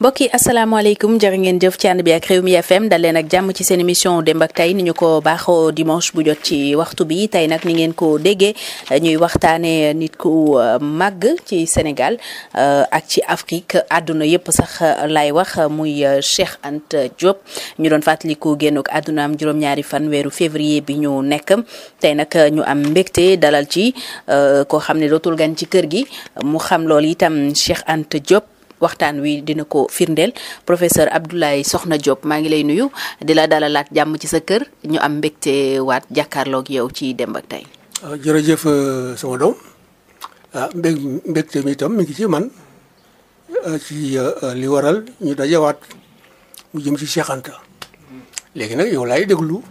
mbokk yi asalaamaaleykum jërë ngeen jëf ci ànd bi ak Rewmi FM dal leen ak jàmm ci seen émission démb ak tey ni ñu ko baaxoo dimanche bu jot ci waxtu bi tey nag ni ngeen ko déggee ñuy waxtaanee nit ku euh, màgg ci Sénégal euh, ak ci Afrique àdduna yëpp sax euh, laay wax muy Cheikh ant Diop ñu doon fàttaliku génn àdduna am juróom-ñaari fan weeru février bi ñu nekk tey nag ñu am mbégte dalal ci koo xam ne dootul gan ci kër gi mu xam loolu itam Cheikh ant Diop. waxtaan wi dina ko firndeel professeur Abdoulaye soxna Diop maa ngi lay nuyu di la dalalaat jàmm ci sa kër ñu am mbégte waat jàkkaarloog yow ci Demb ak Tay. Ah, jërëjëf euh, sama doom ah, ah euh, waral ñu dajewaat mu jëm ci Cheikh yow laay déglu.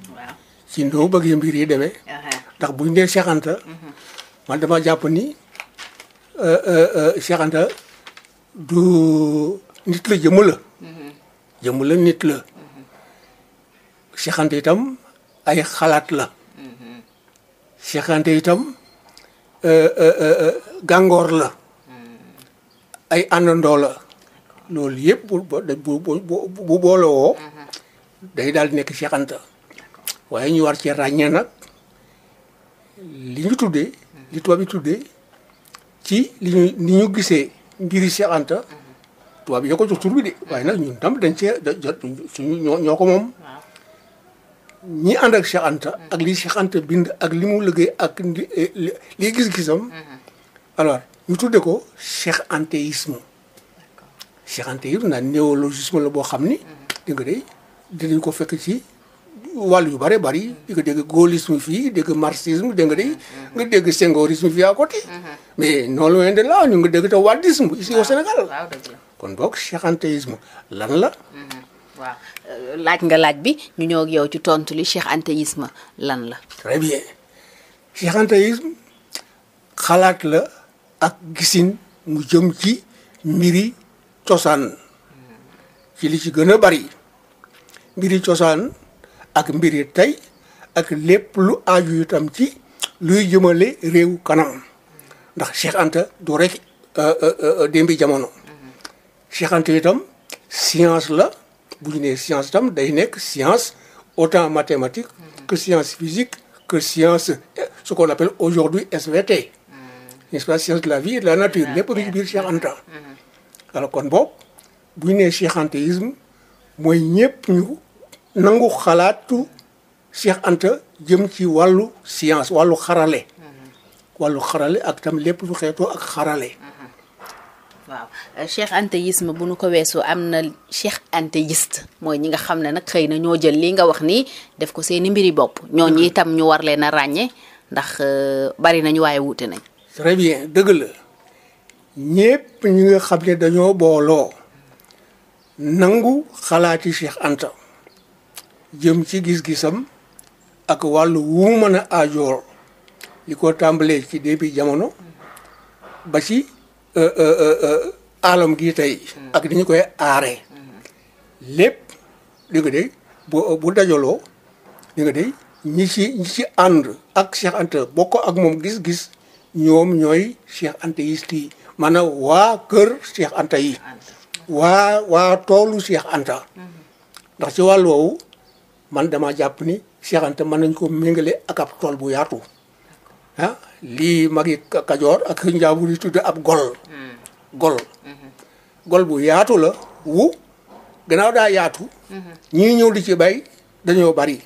mbir yi demee. Uh-huh. ndax buñ nee Cheikh mm-hmm. man dama jàpp ni euh, Cheikh du nit la jëmm la. Mm-hmm. jëmm la nit la. Mm-hmm. Cheikh itam ay xalaat la. Mm-hmm. Cheikh itam euh, euh, euh, gàngoor la. ay àndandoo la. loolu yëpp bu bu bu day daal di nekk Cheikh waaye ñu war ci ràññee nag li ñu tuddee. li tubaab yi tuddee ci li ñu gisee. mbiri Cheikh Anta tubaab yi ñoo ko jox de waaye nag ñun tam dañ cee da jot suñu ñoo ñoo ko moom ñi ànd ak Cheikh Anta ak li bind ak li mu liggéey ak li eh, gis-gisam mm-hmm. alors ñu tudde ko Cheikh Antéisme Cheikh Antéisme na néologisme la boo xam ni mm-hmm. di nga day dinañ ko fekk ci wàll yu bare bari di nga dégg gaullisme fii dégg marxisme dégg nga day nga dégg sengorisme fii à côté mais non nga dégg te wàddisme ici au Sénégal kon boog chekhantéisme lan la mhm, euh, laaj nga laaj bi ñu ñëw ak yow ci tontu li chekhantéisme lan la très bien chekhantéisme xalaat la ak gisin mu jëm ci mbiri cosaan mhm. ci li ci gën a bari mbiri cosaan ak mbir yi tey ak lépp lu aju itam ci luy jëmale réew kanam ndax Cheikh Anta du rek euh, euh, euh, démbi jamono Anta itam science la bu ñu nee science tam day nekk science autant mathématique que science physique que science ce qu'on appelle aujourd'hui SVT mm. nest pas science de la vie de la nature lépp lu ci biir Anta mm. alors kon boobu bu ñu nee cheikhantéisme mooy ñëpp nangu xalaatu Cheikh Anta jëm ci wàllu science wàllu xarale. Mm-hmm. wàllu xarale ak tam lépp lu xeetoo ak xarale. Mm-hmm. waaw euh, cheikh antéisme bu nu ko weesu am na cheikh antéiste mooy ñi nga xam ne nag xëy na ñoo jël lii nga wax nii def ko seeni mbiri bopp ñooñu mm-hmm. itam ñu war leen a ràññee ndax euh, bari nañu waaye wuute nañ très bien dëgg la ñépp ñi nga xam ne dañoo booloo nangu xalaati cheikh anta jëm si gis-gisam ak wàllu wu mën a li ko tàmbalee ci début jamono ba ci euh, euh, euh, alam gii tey ak dañu koy aaree lépp di nga dey bu bu dajaloo di nga dey ñi ci ñi ci ànd ak Cheikh Anta bokk ak moom gis-gis ñoom ñooy Cheikh Anta yi maanaam waa kër Cheikh Anta yi waa waa toolu Cheikh Anta mm-hmm. ndax ci wàll man dama jàpp ni Cheikh Anta mën nañ ko méngale ak ab tool bu yaatu ah lii magi Kajoor ak Njaambur yi tudd ab gol hmm. Hmm. gol bu yaatu la wu gannaaw daa yaatu hmm. ñii ñëw di ci bay dañoo bari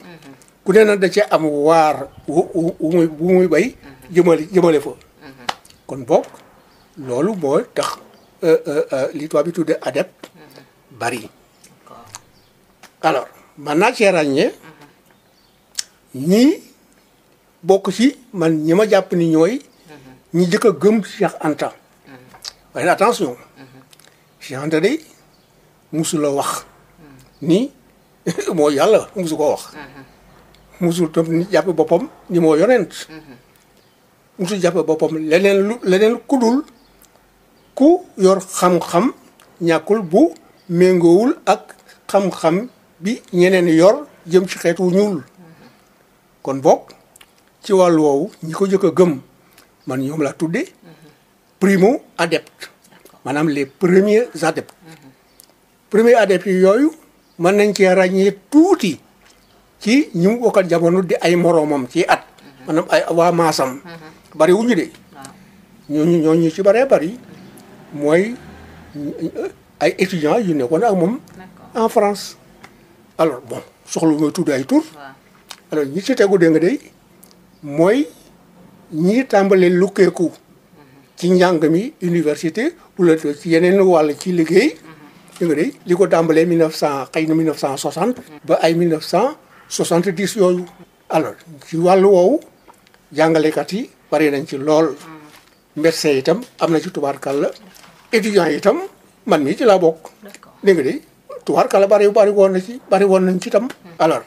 ku ne nag da ci am waar wu muy bu muy bay jëmale fa kon boog loolu moo tax euh, euh, euh, li tubaab bi tudde adep bari man naa cee ràññee ñii bokk ci man ñi ma jàpp ni ñooy ñi jëkk a gëm Cheikh Anta waaye attention Cheikh Anta day musula wax ni moo yàlla musu ko wax musul tam ni boppam ni moo yonent musul jàppe boppam leneen lu leneen ku dul ku yor xam-xam ñàkkul bu méngoowul ak xam-xam bi ñeneen yor jëm ci xeetu ñuul kon bokk ci wàllu woowu ñi ko jëkk a gëm man ñoom laa tudde primo adepte maanaam les premiers adeptes premier adepte yi yooyu mën nañ cee ràññee tuuti ci ñi mu bokkal jamono di ay moroomam ci at maanaam ay waa maasam bari wuñu de ñooñu ñooñu ci baree bari mooy ay étudiants yu nekkoon ak moom en France alors bon soxla mooy tudd ay tur. alors ñi ci tegu dee nga day mooy ñi tàmbalee lukkeeku ci njàng mi université wala ci yeneen wàll ci liggéey. Mhm. dégg nga day li ko tàmbalee mille neuf xëy na mille neuf cent soixante. Mhm. ba ay mille neuf cent soixante dix yooyu. alors ci wàllu woowu jàngalekat yi bari nañ ci lool. Mhm. médecin itam am na ci tubaarkàlla étudiant yitam man mii ci laa bokk. dégg nga day tubaarkala bari bari woon na ci bari woon nañ ci tam. alors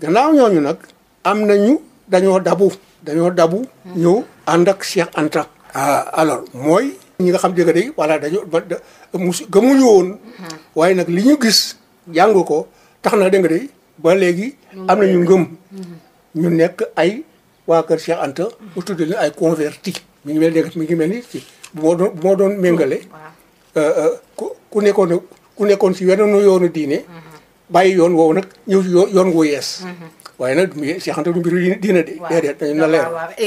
gannaaw ñooñu nag am ñu dañoo dabu dañoo dabu. ñëw ànd ak Cheikh Anta. Ah, alors mooy. ñi nga xam dëgg day voilà dañoo mus gëmuñu woon. Hmm. waaye nag li ñu gis jàng ko tax na dégg nga day ba léegi. am nañu ngëm. Hmm. ñu nekk ay waa kër Cheikh Anta. Hmm. mu tudd leen ay converti mi ngi mel ni mi ngi mel ni ci bu moo doon bu moo doon méngale. Euh, euh, ku nekkoon bu nekkoon si weneen yoonu diine mhm. bàyyi yoon woowu nag ñëw yoon wu yees mhm. waaye nag Cheikh Anta du mbiru diine de déedéet dañu na leer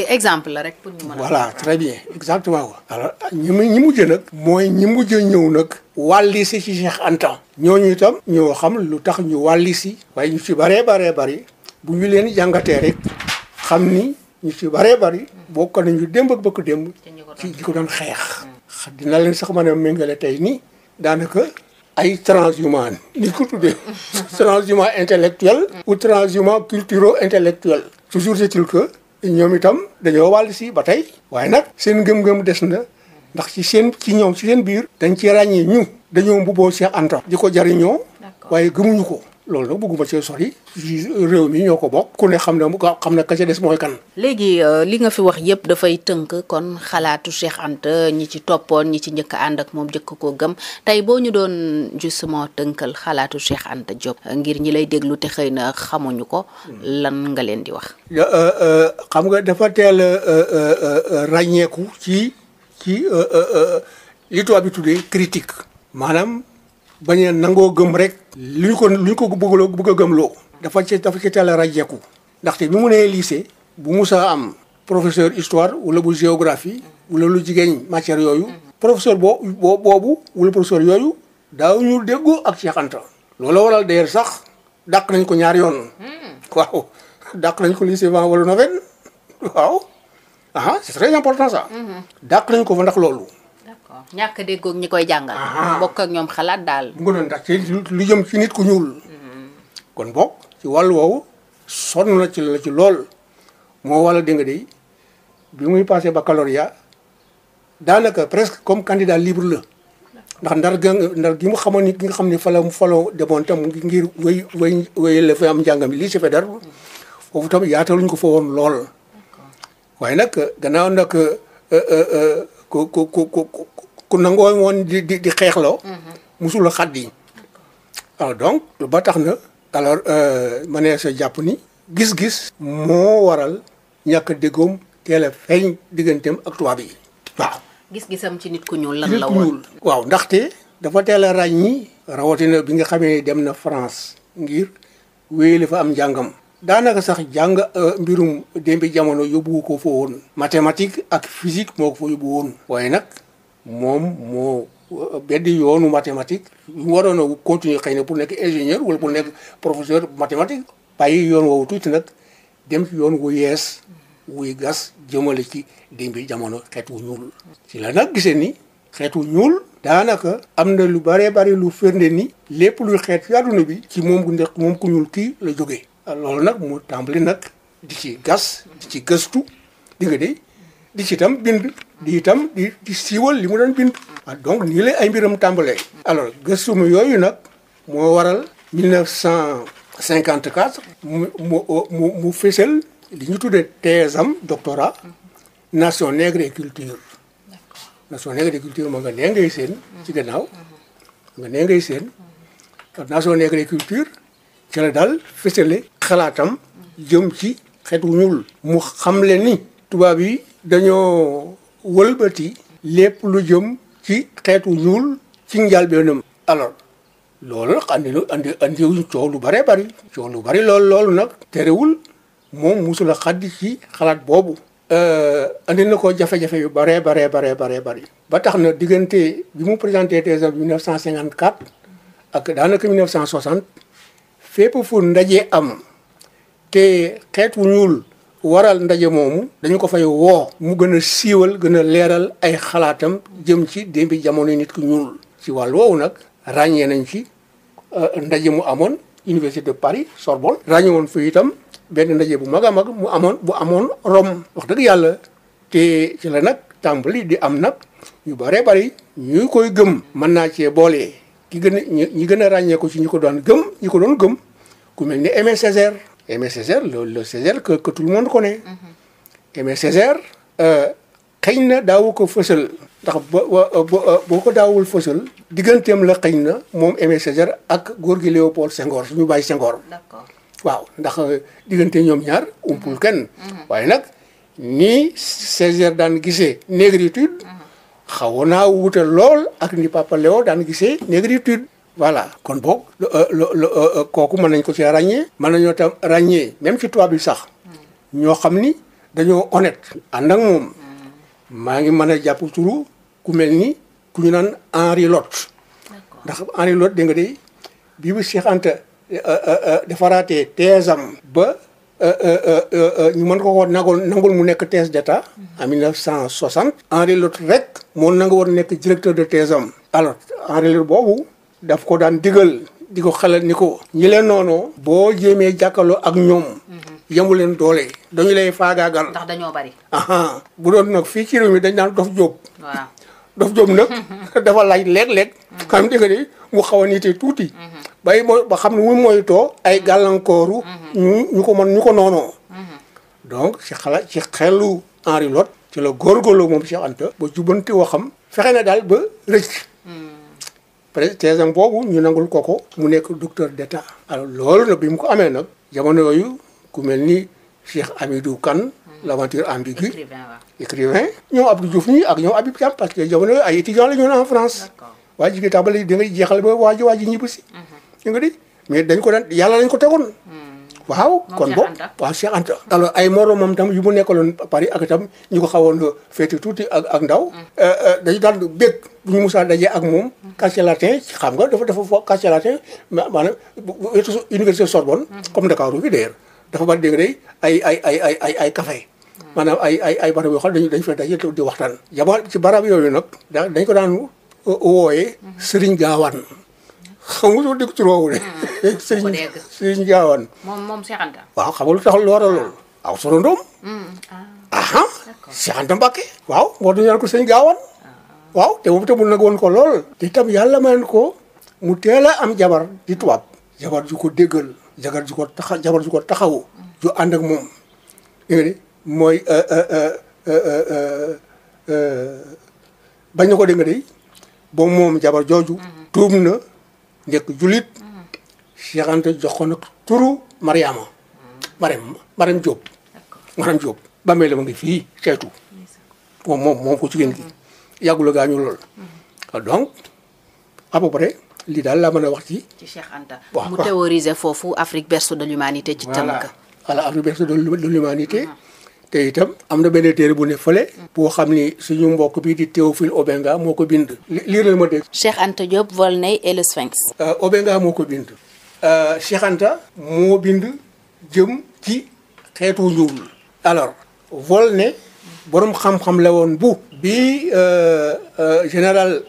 exemple la rek pour ñu mën a voilà très bien exactement ñi mu ñi mooy ñi mujj ñëw nag wàlli si ci Cheikh Anta ñooñu itam ñoo xam lu tax ñu wàlli si waaye ñu si baree baree bari bu ñu leen jàngatee rek xam ni ñu si baree bari bokk nañu démb ak bëkk démb ci ñi ko doon xeex mm. dina leen sax mën a méngale tey nii daanaka ay transhumance ni ko tuddee transhumance intellectuel ou transhumance culturo intellectuel toujours est-il ñoom itam dañoo wàll si ba tey waaye nag seen gëm-gëm des na ndax si seen ci ñoom si seen biir dañ ci ràññee ñu dañoo mbubboo Cheikh Anta di ko jariñoo waaye gëmuñu ko loolu nag bëgguma ci sori réew mi ñoo ko bokk ku ne xam ne xam ne ka ca des mooy kan. léegi euh, li nga fi wax yépp dafay tënk kon xalaatu Cheikh ant ñi ci toppoon ñi ci njëkk ànd ak moom njëkk koo gëm tey boo ñu doon justement tënkal xalaatu Cheikh Anta Diop ngir ñi lay déglu te xëy na xamuñu ko lan nga leen di wax. Euh, euh, xam nga dafa teel ràññeeku ci ci li tubaab bi tuddee critique maanaam. bañ a nangoo gëm rek. lu ñu ko lu ñu ko bëggloo bëgg a gëm loo dafa ci dafa ci teel a ràjjeeku. ndaxte mu mu nee lycée. bu Moussa am professeur histoire wala bu géographie wala lu jigéen matière yooyu. professeur boo boo boobu wala professeur yooyu daaw ñu déggoo ak Cheikh Anta. loolu waral d'ailleurs sax daq nañ ko ñaar yoon. Hmm. waaw daq nañ ko lycée Van Vollenhoven waaw ah c'est très important ça. Hmm. dàq nañ ko fa ndax loolu. ñàkk a déggoog ñi koy jàngal. bokk ak ñoom xalaat daal. mu doon ndax ci lu jëm si nit ku ñuul. Mm-hmm. kon bokk ci wàll woowu sonn na ci ci lool moo wala dégg nga de bi muy passé baccalauréat daanaka presque comme candidat libre la. ndax ndar ga ndar gi mu xamoon ni ki nga xam ni fala fala demoon tam ngir way way way la fa am njàngam lii si fedar foofu tam yaataluñ ko fa woon lool waaye nag gannaaw nag euh, euh, euh, ku ku ku ku nangoo woon di di xeex xeexloo. Mhm. musul a xaddi. waaw ah, donc ba tax na alors euh, ma sa jàpp ni. gis-gis. moo waral ñàkk a déggoom teel a feeñ digganteem ak tubaab yi waaw. gis ci nit ku ñuul lan waaw ndaxte dafa teel a ràññi. rawatina bi nga xamee dem na France ngir wéyale fa am njàngam. daanaka sax jàng euh, mbirum démbi jamono yóbbu ko fa woon. mathématique ak physique moo ko fa yóbbu woon. waaye nag moom moo beddi yoonu mathématique mu waroon a continuer xëy na pour nekk ingénieur wul pour nekk professeur mathématique bàyyi yoon woowu tuuti nag dem ci yoon wu yees wuy gas jëmale ci dimbi jamono xeetu ñuul ci la nag gisee ni xeetu ñuul daanaka am na lu bare bare lu firnde ni lépp lu xeet ci àdduna bi ci moom ku moom ku ñuul kii la jógee loolu nag mu tàmbali nag di ci gas di ci gëstu di nga de di ci tam bind di itam di di siiwal li mu doon bind. ah donc gëstu yooyu nag moo waral. 1954. cinquante mu mu mu fësal li ñu tuddee thèse doctorat. nation nègre culture. nation nègre moo nga nee ngay seen. ci gannaaw mhm. nga nee ngay seen. Mhm. nation nègre et culture. ci la daal fësale. xalaatam mhm. jëm ci xeetu ñuul. mu xam le ni. tubaab yi dañoo. wëlbati lépp lu jëm ci xeetu ñuul ci njëlbéenam alors loolu nag andi andi andiwuñ coow lu bëree bëri coow lu bëri loolu loolu nag terewul moom musul a xaddi ci xalaat boobu euh, andi na ko jafe-jafe yu bëree baree baree baree bëri ba tax na diggante bi mu présenté des œuvres 1954 ak daanaka 1960 fépp fu ndaje am te xeetu ñuul waral ndaje moomu dañu ko fay woo mu gën a siiwal gën a leeral ay xalaatam jëm ci démbi jamono nit ku ñuul ci wàll woowu nag ràññee nañ ci euh, ndaje mu amoon université de Paris Sorbonne ràññee woon fi itam benn ndaje bu mag a mag mu amoon bu amoon Rome wax dëgg yàlla te ci la nag tàmbali di am nag ñu bare bari ñu koy gëm mën naa cee boole ki gën a ñi gën a ràññee ko ci ñi ko doon gëm ñi ko doon gëm ku mel ni Aimé Aimé Césaire le, le Césaire que, que tout le monde connaît. Aimé mhm. Césaire euh, xëy na daawu ko fësal. boo ko daawul fësal. digganteem la xëy na moom Aimé ak góor gi Léopold Senghor suñu bàyyi Senghor. d'accord waaw ndax euh, diggante ñoom ñaar umpul kenn. Mhm. waaye nag ni Césaire daan gise négritude. Mhm. xawoon naa wuute lool ak ni Papa Léo daan gise négritude. voilà kon boog euh, euh, euh, kooku mën nañ ko ci ràññee man nañoo tam ràññee même ci tubaab bi sax ñoo xam ni dañoo honnête ànd ak moom maa ngi mën a jàpp turu ku mel ni ku ñu naan Henri Lot ndax Henri Lot nga de bii bu Cheikh Anta defaraatee teesam ñu mën ko ko nangul nangul mu nekk thèse d'état en 1960 Henri Lot rek moo nanga woon nekk directeur de thèse am alors Henri Lot boobu daf ko daan digal di ko xelal ni ko ñi leen noonu boo jéemee jàkkaloo ak ñoom mhm. yemu leen doole dañu lay faagaagal ndax dañoo bari aha bu doon nag fii ci réew mi dañ naan dof jóob waaw dof jóob nag dafa laaj léeg-léeg mhm. xam di nga ni mu xaw a nite tuuti mhm. bay mooy ba xam ne mu moytoo ay gàllankooru ñu ñu ko mën ñu ko noonoo donc ci xala ci xelu Henri Lot ci la góorgóorlu moom Cheikh Anta ba jubanti waxam fexe na daal ba rëcc président boobu ñu nangul ko ko mu nekk docteur d'état alors loolu nag bi amee nag jamono yooyu ku mel ni Cheikh Hamidou Kane mm. l'aventure ambiguë écrivain ñoom Abdou Diouf ñi ak ñoom Habib Thiam parce que jamono yooyu ay étudiants la ñu en France waa jigéen tabale da ngay jeexal ba waa ji waa ji ñibbisi ñu mm-hmm. di mais dañ ko daan yàlla ko tegoon mm. waaw kon bo waaw Cheikh Anta alors ay moromam tam yu mu nekk nekkaloon Paris ak tam ñu ko xawoon féete tuuti ak ak ndaw mm. euh, euh, dañu daan bég bu ñu musaa dajee ak moom mm. quartier latin xam nga dafa dafa fo quartier latin maanaam wetu université Sorbonne mm. comme Ndakaaru bi d'ailleurs dafa bari dégg day ay ay ay ay ay ay maanaam ay ay barab yoo xam dañu dañu fa daje di waxtaan jamono ci barab yooyu nag dañ ko daan euh, wooyee Serigne Gawane xam nga su ma dégg ci roobu de. sëriñ sëriñ lu tax loola aw solo ndoom. aha Cheikh Anta waaw moo doon waaw te moom itamul nag woon ko lool. te itam yàlla mayoon ko mu teel a am jabar di tubaab. jabar ju ko déggal. jabar ju ko taxa jabar ju ko taxawu. bañ na ko dégg nga de ba jabar jooju. tuub na. njëkk julit Cheikh Anta jox ko nag turu Mariama Marème Marème Diop Marème Diop bàmmeelam ngi fii seetu moom moom moom ko jigéen gi yàggula gaañu lool mm-hmm. donc à peu lii daal laa mën a wax mu théoriser foofu Afrique berceau de l'humanité ci tënk. voilà Afrique berceau de l'humanité mm-hmm. te itam am na benn téere bu ne fële. boo xam ni suñu mbokk bi di Théophile Obenga moo ko bind. lii la ma dégg. Cheikh Anta Diop et le Sphinx. Euh, Obenga moo ko bind. Euh, Cheikh moo bind jëm ci xeetu njuul. alors Volney borom xam-xam la woon bu. bi euh, général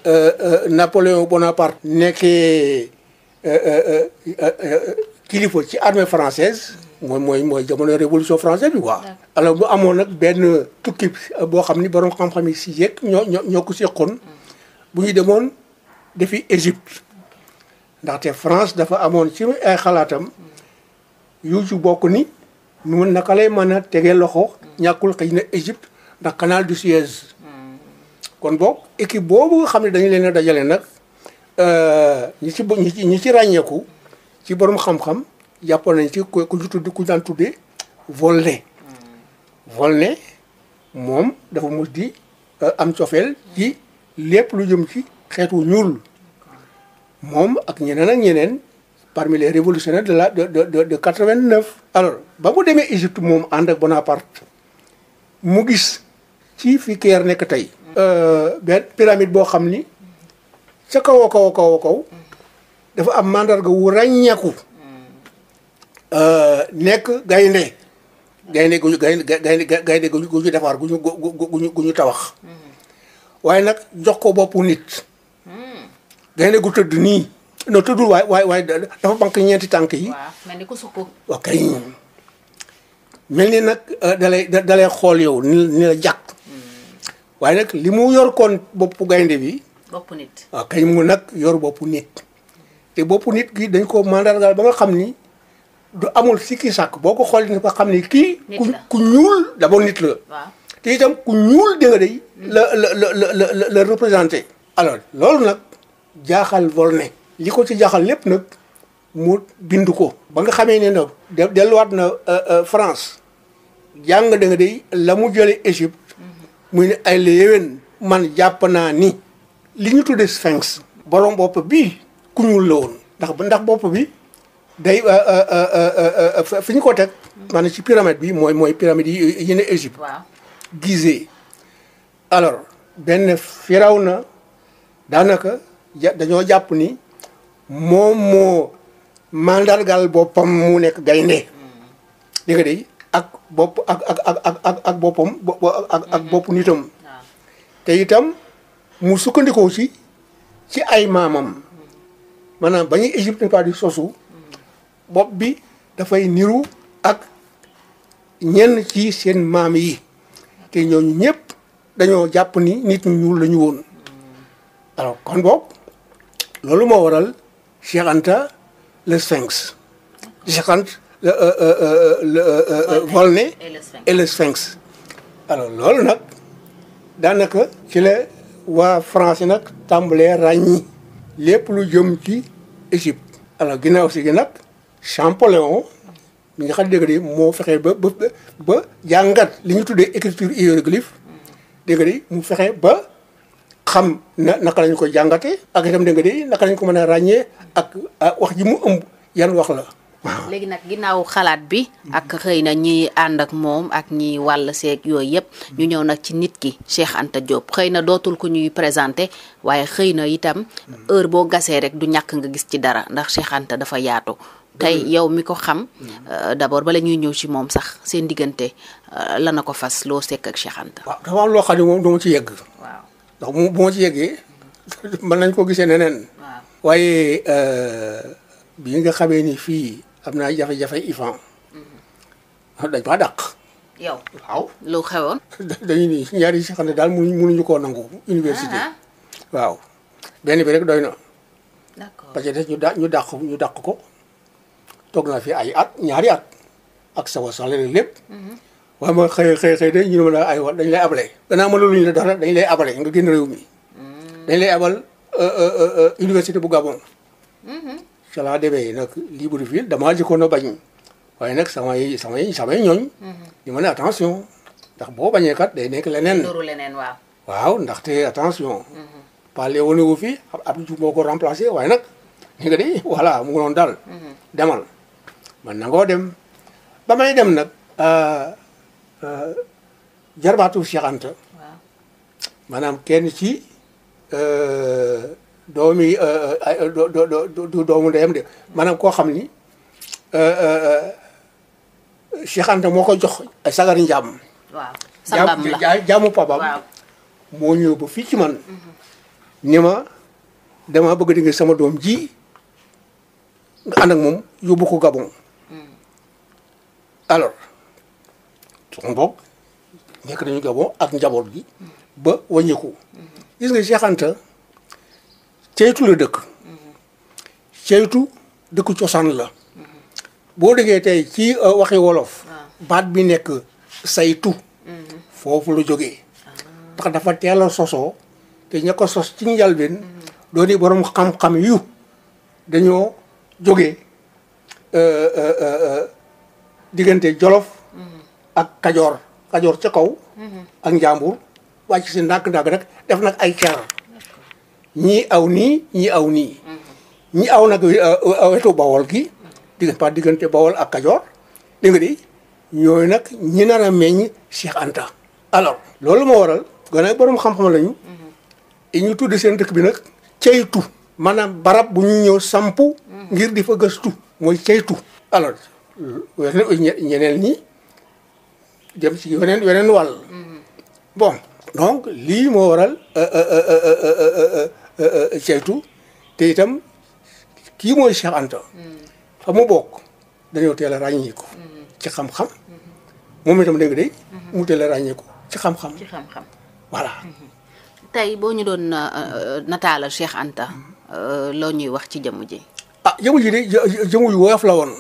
Napoléon Bonaparte. nekkee kilifa ci armée française. mooy mooy mooy jamono révolution française bi quoi. alors bu amoon nag benn tukki boo xam ni borom xam-xam yi si yëg ñoo ño ñoo ko seqoon bu ñu demoon defi Égypte ndaxte France dafa amoon ci ay xalaatam yu ci bokk ni ñun naka lay mën a tegee loxo ñàkkul xëy na Égypte ndax canal du Suez. kon boog équipe boobu xam ne dañu leen dajalee dajale nag euh, ñi ci ñi ci ñi ci ràññeeku ci boroom xam-xam. jàppoon nañ ci ku ku ñu tudd ku daan tuddee Volney. Hmm. Volney moom dafa mu di euh, am cofeel ci lépp lu jëm ci xeetu ñuul moom ak ñeneen ak ñeneen parmi les révolutionnaires de la de de de quatre-vingt-neuf. alors ba mu demee Égypte moom ànd ak Bonaparte mu gis ci fi Caire nekk tey. Hmm. Euh, benn pyramide boo xam ni ca kaw a kaw a kaw a kaw hmm. dafa am mandarga wu ràññeeku. Euh, nekk gaynde gaynde gu ñu gaynde gaynde gu ñu defar gu ñu gu tawax hmm. waaye nag jox ko boppu nit hmm. gaynde gu tëdd nii non tëddul waaye waay waaye dafa bank ñeenti tànk yi mel ni ko mel ni nag euh, dalay dalay xool yow ni la jàkk hmm. waaye nag li mu yor koon boppu gaynde bi boppu nit waaw kay mu nag yor boppu nit te boppu nit gi dañ ko mandargaal ba nga xam ni du amul sikki sàkk boo ko xoolee nga xam ne kii. ku ku ñuul d'abord nit la. waaw te ku ñuul dégg nga mm. la la la la la représenté. alors loolu nag jaaxal Volney. li ko ci jaaxal lépp nag mu bind ko. ba nga xamee ne nag delluwaat na euh, euh, France jàng da nga day la mu jëlee Égypte mm-hmm. muy ne ay la yéwén man jàpp naa ni li ñu tuddee sphinx. borom bopp bii ku ñuul la woon ndax ndax bopp bi. day euh, euh, euh, fi ñu ko teg maanaam ci pyramide bi mooy mooy pyramide yi yi ne Égypte. waaw Gizeh. alors benn Firawna daanaka ja dañoo jàpp ni moom moo mandargal boppam mu nekk gaynde hmm. di nga ak bopp ak ak ak ak boppam ak ak hmm. bopp nitam. te itam mu sukkandikoo ci ci ay maamam hmm. maanaam ba ñuy Égypte pas du sosu. bopp bi dafay niru ak ñenn ci seen maam yi te ñooñu ñëpp dañoo jàpp ni nit ñu ñuul la ñu woon alors kon bopp loolu moo waral Cheikh Anta le sphinx Cheikh Anta le euh, euh, euh, alors loolu nag daanaka ci la waa France nag tàmbalee ràññi lépp lu jëm ci Égypte alors ginnaaw si gi nag Champollion mi nga xam dégg di moo fexee ba ba ba jàngat li ñu tuddee écriture hiéroglyphe dégg di mu fexe ba xam naka lañ ko jàngatee. ak itam dégg di naka lañ ko mën a ràññee ak wax ji mu ëmb yan wax la. léegi nag ginnaaw xalaat bi ak xëy na ñi ànd ak moom ak ñi wàll seeg yooyu yëpp ñu ñëw nag ci nit ki Cheikh Anta xëy na dootul ko ñuy présenté waaye xëy na itam heure boo gasee rek du ñàkk nga gis ci dara ndax Cheikh Anta dafa yaatu tey yow mi ko xam euh, d'abord bala ñuy ñëw ci moom sax seen diggante euh, lan na ko fas loo sekk ak Cheikh waaw dafa am loo xam moom du ci yegg. waaw ndax bu bu ci yeggee mën nañ ko gisee neneen. waaye euh, bi nga xamee ni fii am naa jafe-jafe ifan mhm. dañ maa daq yow waaw lu xewoon. dañu ni ñaari Cheikh Anta daal mënuñu koo nangu. université ah, ah. waaw benn bi rek doy na. d'accord parce ñu dàq ñu daq ko. toog naa fi ay at ñaari at ak sama salaire lépp. waaye ma xëy xëy xëy day ñu ne ma ay aywa dañu lay abale. gannaaw ma loolu ñu ne dara dañu lay abale nga génn réew mi. Mm. dañu lay abal euh, euh, euh, université bu Gabon. Mm-hmm. ca laa demee nag Libreville damaa jëkkoon a bañ. waaye nag samay samay samay ñooñ. ñu mën a attention ndax boo bañee kat day nekk leneen. leneen waaw. waaw ndaxte attention. Mm-hmm. parler wane wu fi ab ab moo ko remplacé waaye nag nga di voilà mu ngi doon daal. Mm-hmm. man nangoo dem ba may dem nag euh, euh, jarbaatu Cheikh Anta maanaam kenn ci euh, doomi doomu ndeyam de maanaam koo xam ni Cheikh Anta moo ko jox ay sagari njaam. waaw sangam jaamu jaamu moo ñëw ba fii ci man. Mhm. ni ma dama bëgg di nga sama doom ji nga ànd ak moom yóbbu ko alors suxun nekk nañu Gabon ak njaboot gi ba wàññeeku gis nga Cheikh Anta ceytu la dëkk ceytu dëkk cosaan la boo déggee tey ci euh, waxi wolof ah. baat bi nekk saytu mm-hmm. foofu la jógee ah. ndax dafa teel sosoo te ña ko sos ci njalbeen mm-hmm. dooni borom xam-xam yu dañoo jógee euh, euh, diggante jolof ak kajoor kajoor ca kaw ak njàmbur wàcc si ndànk-ndànk rek def nag ay car ñi aw nii ñi aw nag euh, euh, wetu bawol gi diggante par diggante bawol ak kajoor dégg nga di ñooyu nag ñi nar a meññ Cheikh Anta alors loolu moo waral gannaaw borom xam-xam lañu ñu tudd seen dëkk bi nag ceytu maanaam barab bu ñu ñëw sampu ngir di fa gëstu mooy ceytu alors ñeneen ñi dem ci weneen weneen wàll. bon donc lii moo waral ceytu te itam kii mooy Cheikh Anta. fa mu bokk dañoo teel a ràññee ko. ci xam-xam. moom itam dégg day mu teel a ko ci xam-xam. ci xam boo ñu doon nataala Cheikh Anta. loo ñuy wax ci jëmm ji. ah jëmm ji de jëmm yu woyof la woon.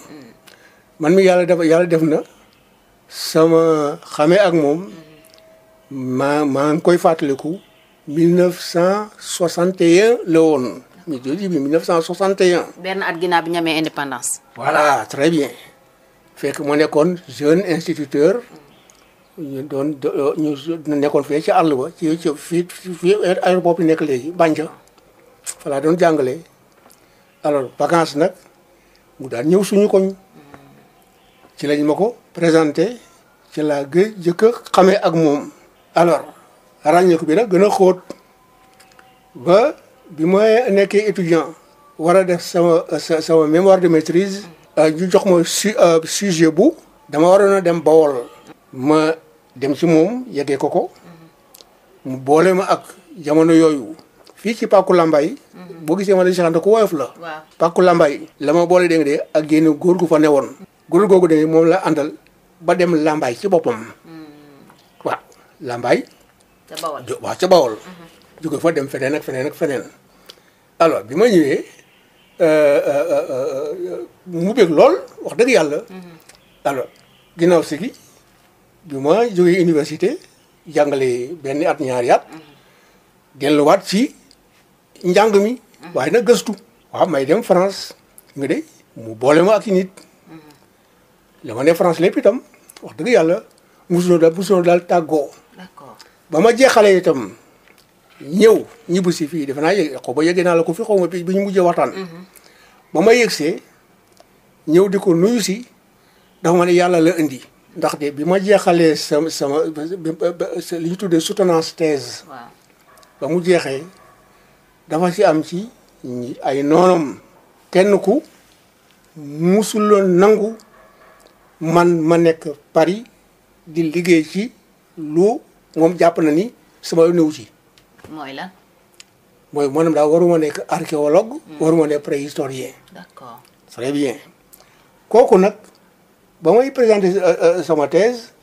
man mi yàlla def yàlla def na sama xamee ak moom maa maa ngi koy fàttaliku 1961 la woon. mi jooju bi 1961. benn at ginnaaw bi ñu amee indépendance. voilà très bien fekk moo nekkoon jeune instituteur ñu doon nekkoon fee ci àll ba ci fi fii fii aéroport nekk léegi Bandia fa laa doon jàngalee alors vacances nag mu daan ñëw suñu koñ. ci lañ ma ko présenté ci laa gëj jëkk a xamee ak moom. alors ràññeeku bi nag gën a xóot ba bi ma nekkee étudiant war a def sama sama mémoire de maîtrise. Euh, ñu jox ma su euh, sujet bu. dama waroon a dem Bawol. ma dem ci moom yeggee ko ko mu boolee ma ak jamono yooyu. fii ci Pàkku Lambaay. Mhm. boo gisee ma ne Cheikh Anta ku woyof la. Pàkku Lambaay. la ma boole dégg de ak génn góor gu fa newoon. gurul googu de moom la àndal ba dem làmbaay ci boppam. Hmm. waaw làmbaay. ca bawol waaw ca bawol. Mm-hmm. jóge fa dem feneen ak feneen ak bi ma ñëwee euh, euh, euh, mu bëgg lool wax dëgg yàlla. Mm-hmm. alors ginnaaw si gi bi ma jógee université jàngale benn at ñaari at. Mm-hmm. delluwaat ci njàng mi. waaye nag gëstu. waaw may dem France nga de mu boole ma ak dama ne lépp itam wax dëgg yàlla mosunoo daal mosunoo daal tàggoo. ba ma jeexalee itam ñëw ñibbi si fii defe naa yëg xaw ma yëgee naa la ko fi xaw ma bi ñu mujjee waxtaan. Mm-hmm. ba ma yëgsee ñëw di ko nuyu si dafa ma ne yàlla la indi. ndaxte bi ma jeexalee sama sama li ñu tuddee soutenance thèse. ba mu jeexee dafa ci am si ay noonam kenn ku musuloo nangu man ma nekk Paris di liggéey ci lu moom jàpp na ni sama néew ci. mooy lan. mooy maanaam daal waruma nekk archéologue. Mm. waruma nekk préhistorien. d'accord très bien. kooku nag ba may présenter euh, euh, sama thèse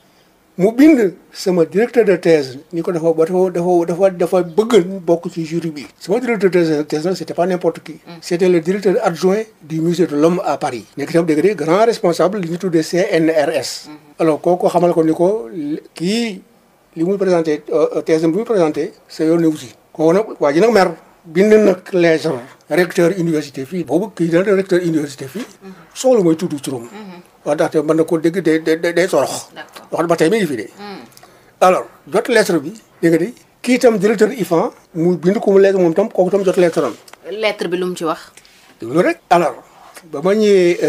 mu bind sama directeur de thèse ni ko dafa dafa dafa dafa bëgg bokk ci jury bi sama directeur de thèse nag c' était pas n' importe qui mm. c' était le directeur adjoint du musée de l'homme à Paris nekk itam dégg grand responsable li ñu tuddee CNRS mm. alors kooku ko ni ko ki li mu présenté euh, euh, thèse bi muy présenté sa yoon newu si kooku nag waa nag mer bind nag lecturer recteur université fii boobu kii da recteur université fii soxla mooy tudd turam mhm. waaw ndaxte mën na ko dégg day day day wax ba tey mi fi de mhm. alors jot lettre bi dégg nga de kii itam directeur IFAN mu bind ko mu lettre moom itam kooku itam jot lettre am bi lu mu wax déglu rek alors ba ma ñëwee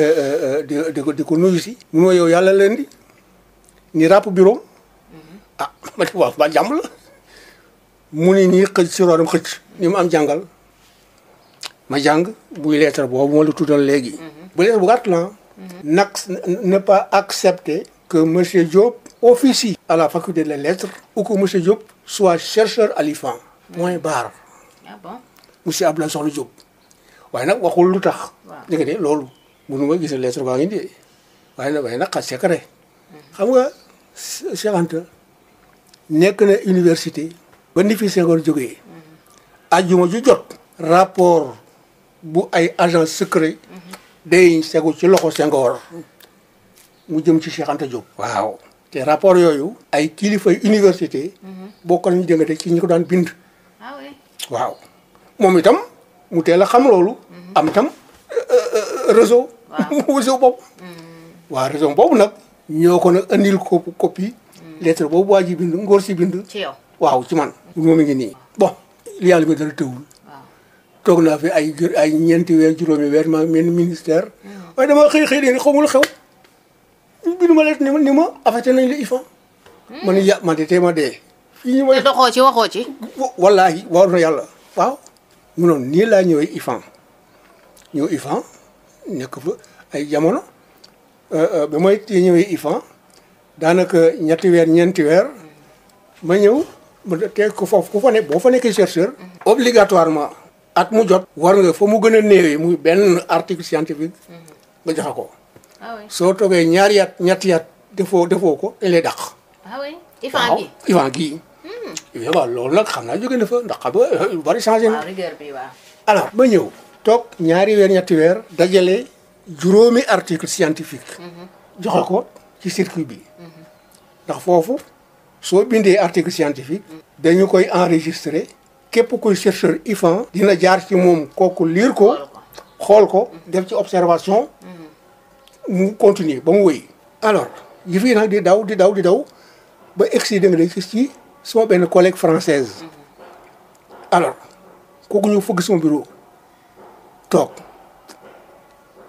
euh, euh, ko nuyu si wa ma yow yàlla leen di ni ràpp bureau mhm. ah ma ne waaw ba jàmm la mu ne nii xëcc si roonam xëcc ni mu am jàngal ma jàng buy lettre boobu ma la tuddoon léegi bu lettre bu gàtt la ah. nag ne pas accepter que monsieur Diop officie à la faculté des lettres ou que monsieur Diop soit chercheur à l'IFAN point barre ah bon monsieur Abdoulaye Soxna waaye nag waxul lu tax dégg nga de loolu mënu ma gis lettre baa ngi nii waaye nag waaye nag xas secret xam nga Cheikh nekk na université ba nifi fi Senghor jógee ajjuma ju jot rapport bu ay agent secret day segu ci loxo Senghor mu jëm ci Cheikh Anta Diop waaw te rapport yooyu ay kilifay université bokkoon ñu jëngate ci ñi ko daan bind ah waaw moom itam mu teel a xam loolu am itam euh, euh, réseau réseau boobu mm. waaw réseau boobu nag ñoo ko nag andil ko copie mm. lettre boobu waa ji bind ngóor si bind ci waaw ci man moom mi ngi nii bon yàlla ko dara tëwul toog naa fi ay ay ñeenti weer juróomi weer ma mel ministère hmm. waaye dama xëy xëy deen xamul xew bi nu ma leet ni ma ni ma hmm. ma de dee fii ñu ma te doxoo ci waxoo ci wallaahi waaw na yàlla waaw mu noonu nii laa ñëwee IFAN ñëw IFAN nekk fa ay jamono euh, euh, ba mooy ñëwee IFAN daanaka ñetti weer ñeenti weer ma ñëw te ku foofu ku fa ne boo fa nekkee chercheur. obligatoirement. at mu jot. war nga fa mu gën a néewee muy benn article scientifique. nga joxe ko. Ah soo toogee ñaar at ñetti at defoo defoo ko te lay dàq. waaw ifan gi ifan gi. Hmm. waaw loolu nag xam naa jóge na fa ndax xam ba euh, lu bari changé na. rigueur bi alors ba ñëw. toog ñaari weer ñetti weer. dajale juróomi article scientifique. Mhm. joxe ko ci circuit bi. Mhm. ndax foofu. soo bindee article scientifique dañu koy enregistré képp kuy chercheur IFAN dina jaar ci moom kooku liir ko xool ko mm-hmm. def ci observation mm-hmm. mu continuer ba mu wéy alors yëf nag di daw di daw di daw ba egsi da nga ci sama benn collègue française mm-hmm. alors kooku ñu fëgg sama bureau toog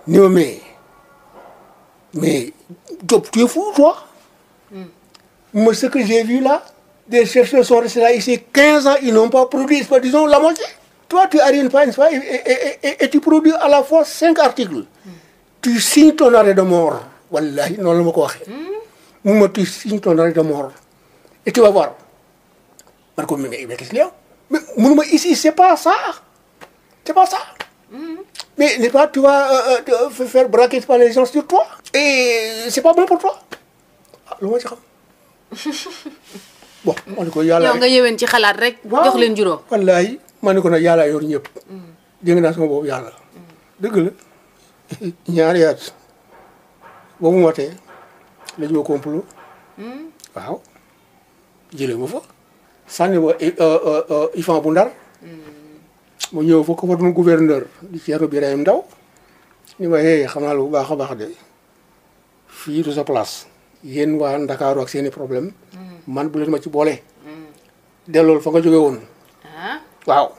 ni mais mais Diop tu es toi mm. Mais ce que j'ai vu là, des chercheurs sont restés là ici 15 ans, ils n'ont pas produit, pas, disons, la moitié. Toi, tu arrives une fois, une fois et, et, et, et, tu produis à la fois 5 articles. Tu signes ton arrêt de mort. Wallahi, non, le mot mm. tu signes ton arrêt de mort. Et tu vas voir. Eh Mais ici, c'est pas hmm. Mais n'est pas, tu vas euh, euh, faire braquer par les sur toi. Et c'est pas bon pour toi. Ah, bon ma ko yàlla yow nga yéwén ci xalaat rek. jox leen juróom wallaay ma ne ko nag yàlla yor ñëpp. Mm. dégg naa sama boobu yàlla. Mm. dëgg la ñaari at boobu mu watee la ko ma mm. waaw jëlee ma fa. sànni ma eh, euh, euh, euh, ifan bu ndar. mu ñëw fa ko fa doon gouverneur di Thierno Birahim Ndaw ni ma yee eh, xam lu bu baax a baax de fii du sa place. yéen waa Ndakaaru ak seen problème mm. man bu leen ma ci boole. Mm. dellool fa nga jóge woon. Ah. waaw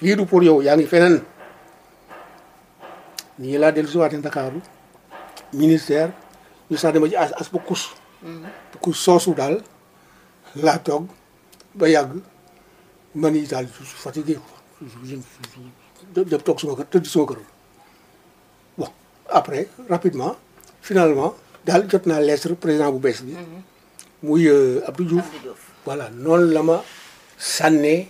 fii du pour yow yaa ngi feneen ñii laa dellu si waatee Ndakaaru ministère ñu sax dama ci as as bu kus. Mm. bu soosu daal laa toog ba yàgg man yi daal je dem toog suma kër tëdd suma kër bon après rapidement finalement. daal jot naa lettre président bu bees bi. muy euh, Abdou Diouf. voilà noonu la ma sànnee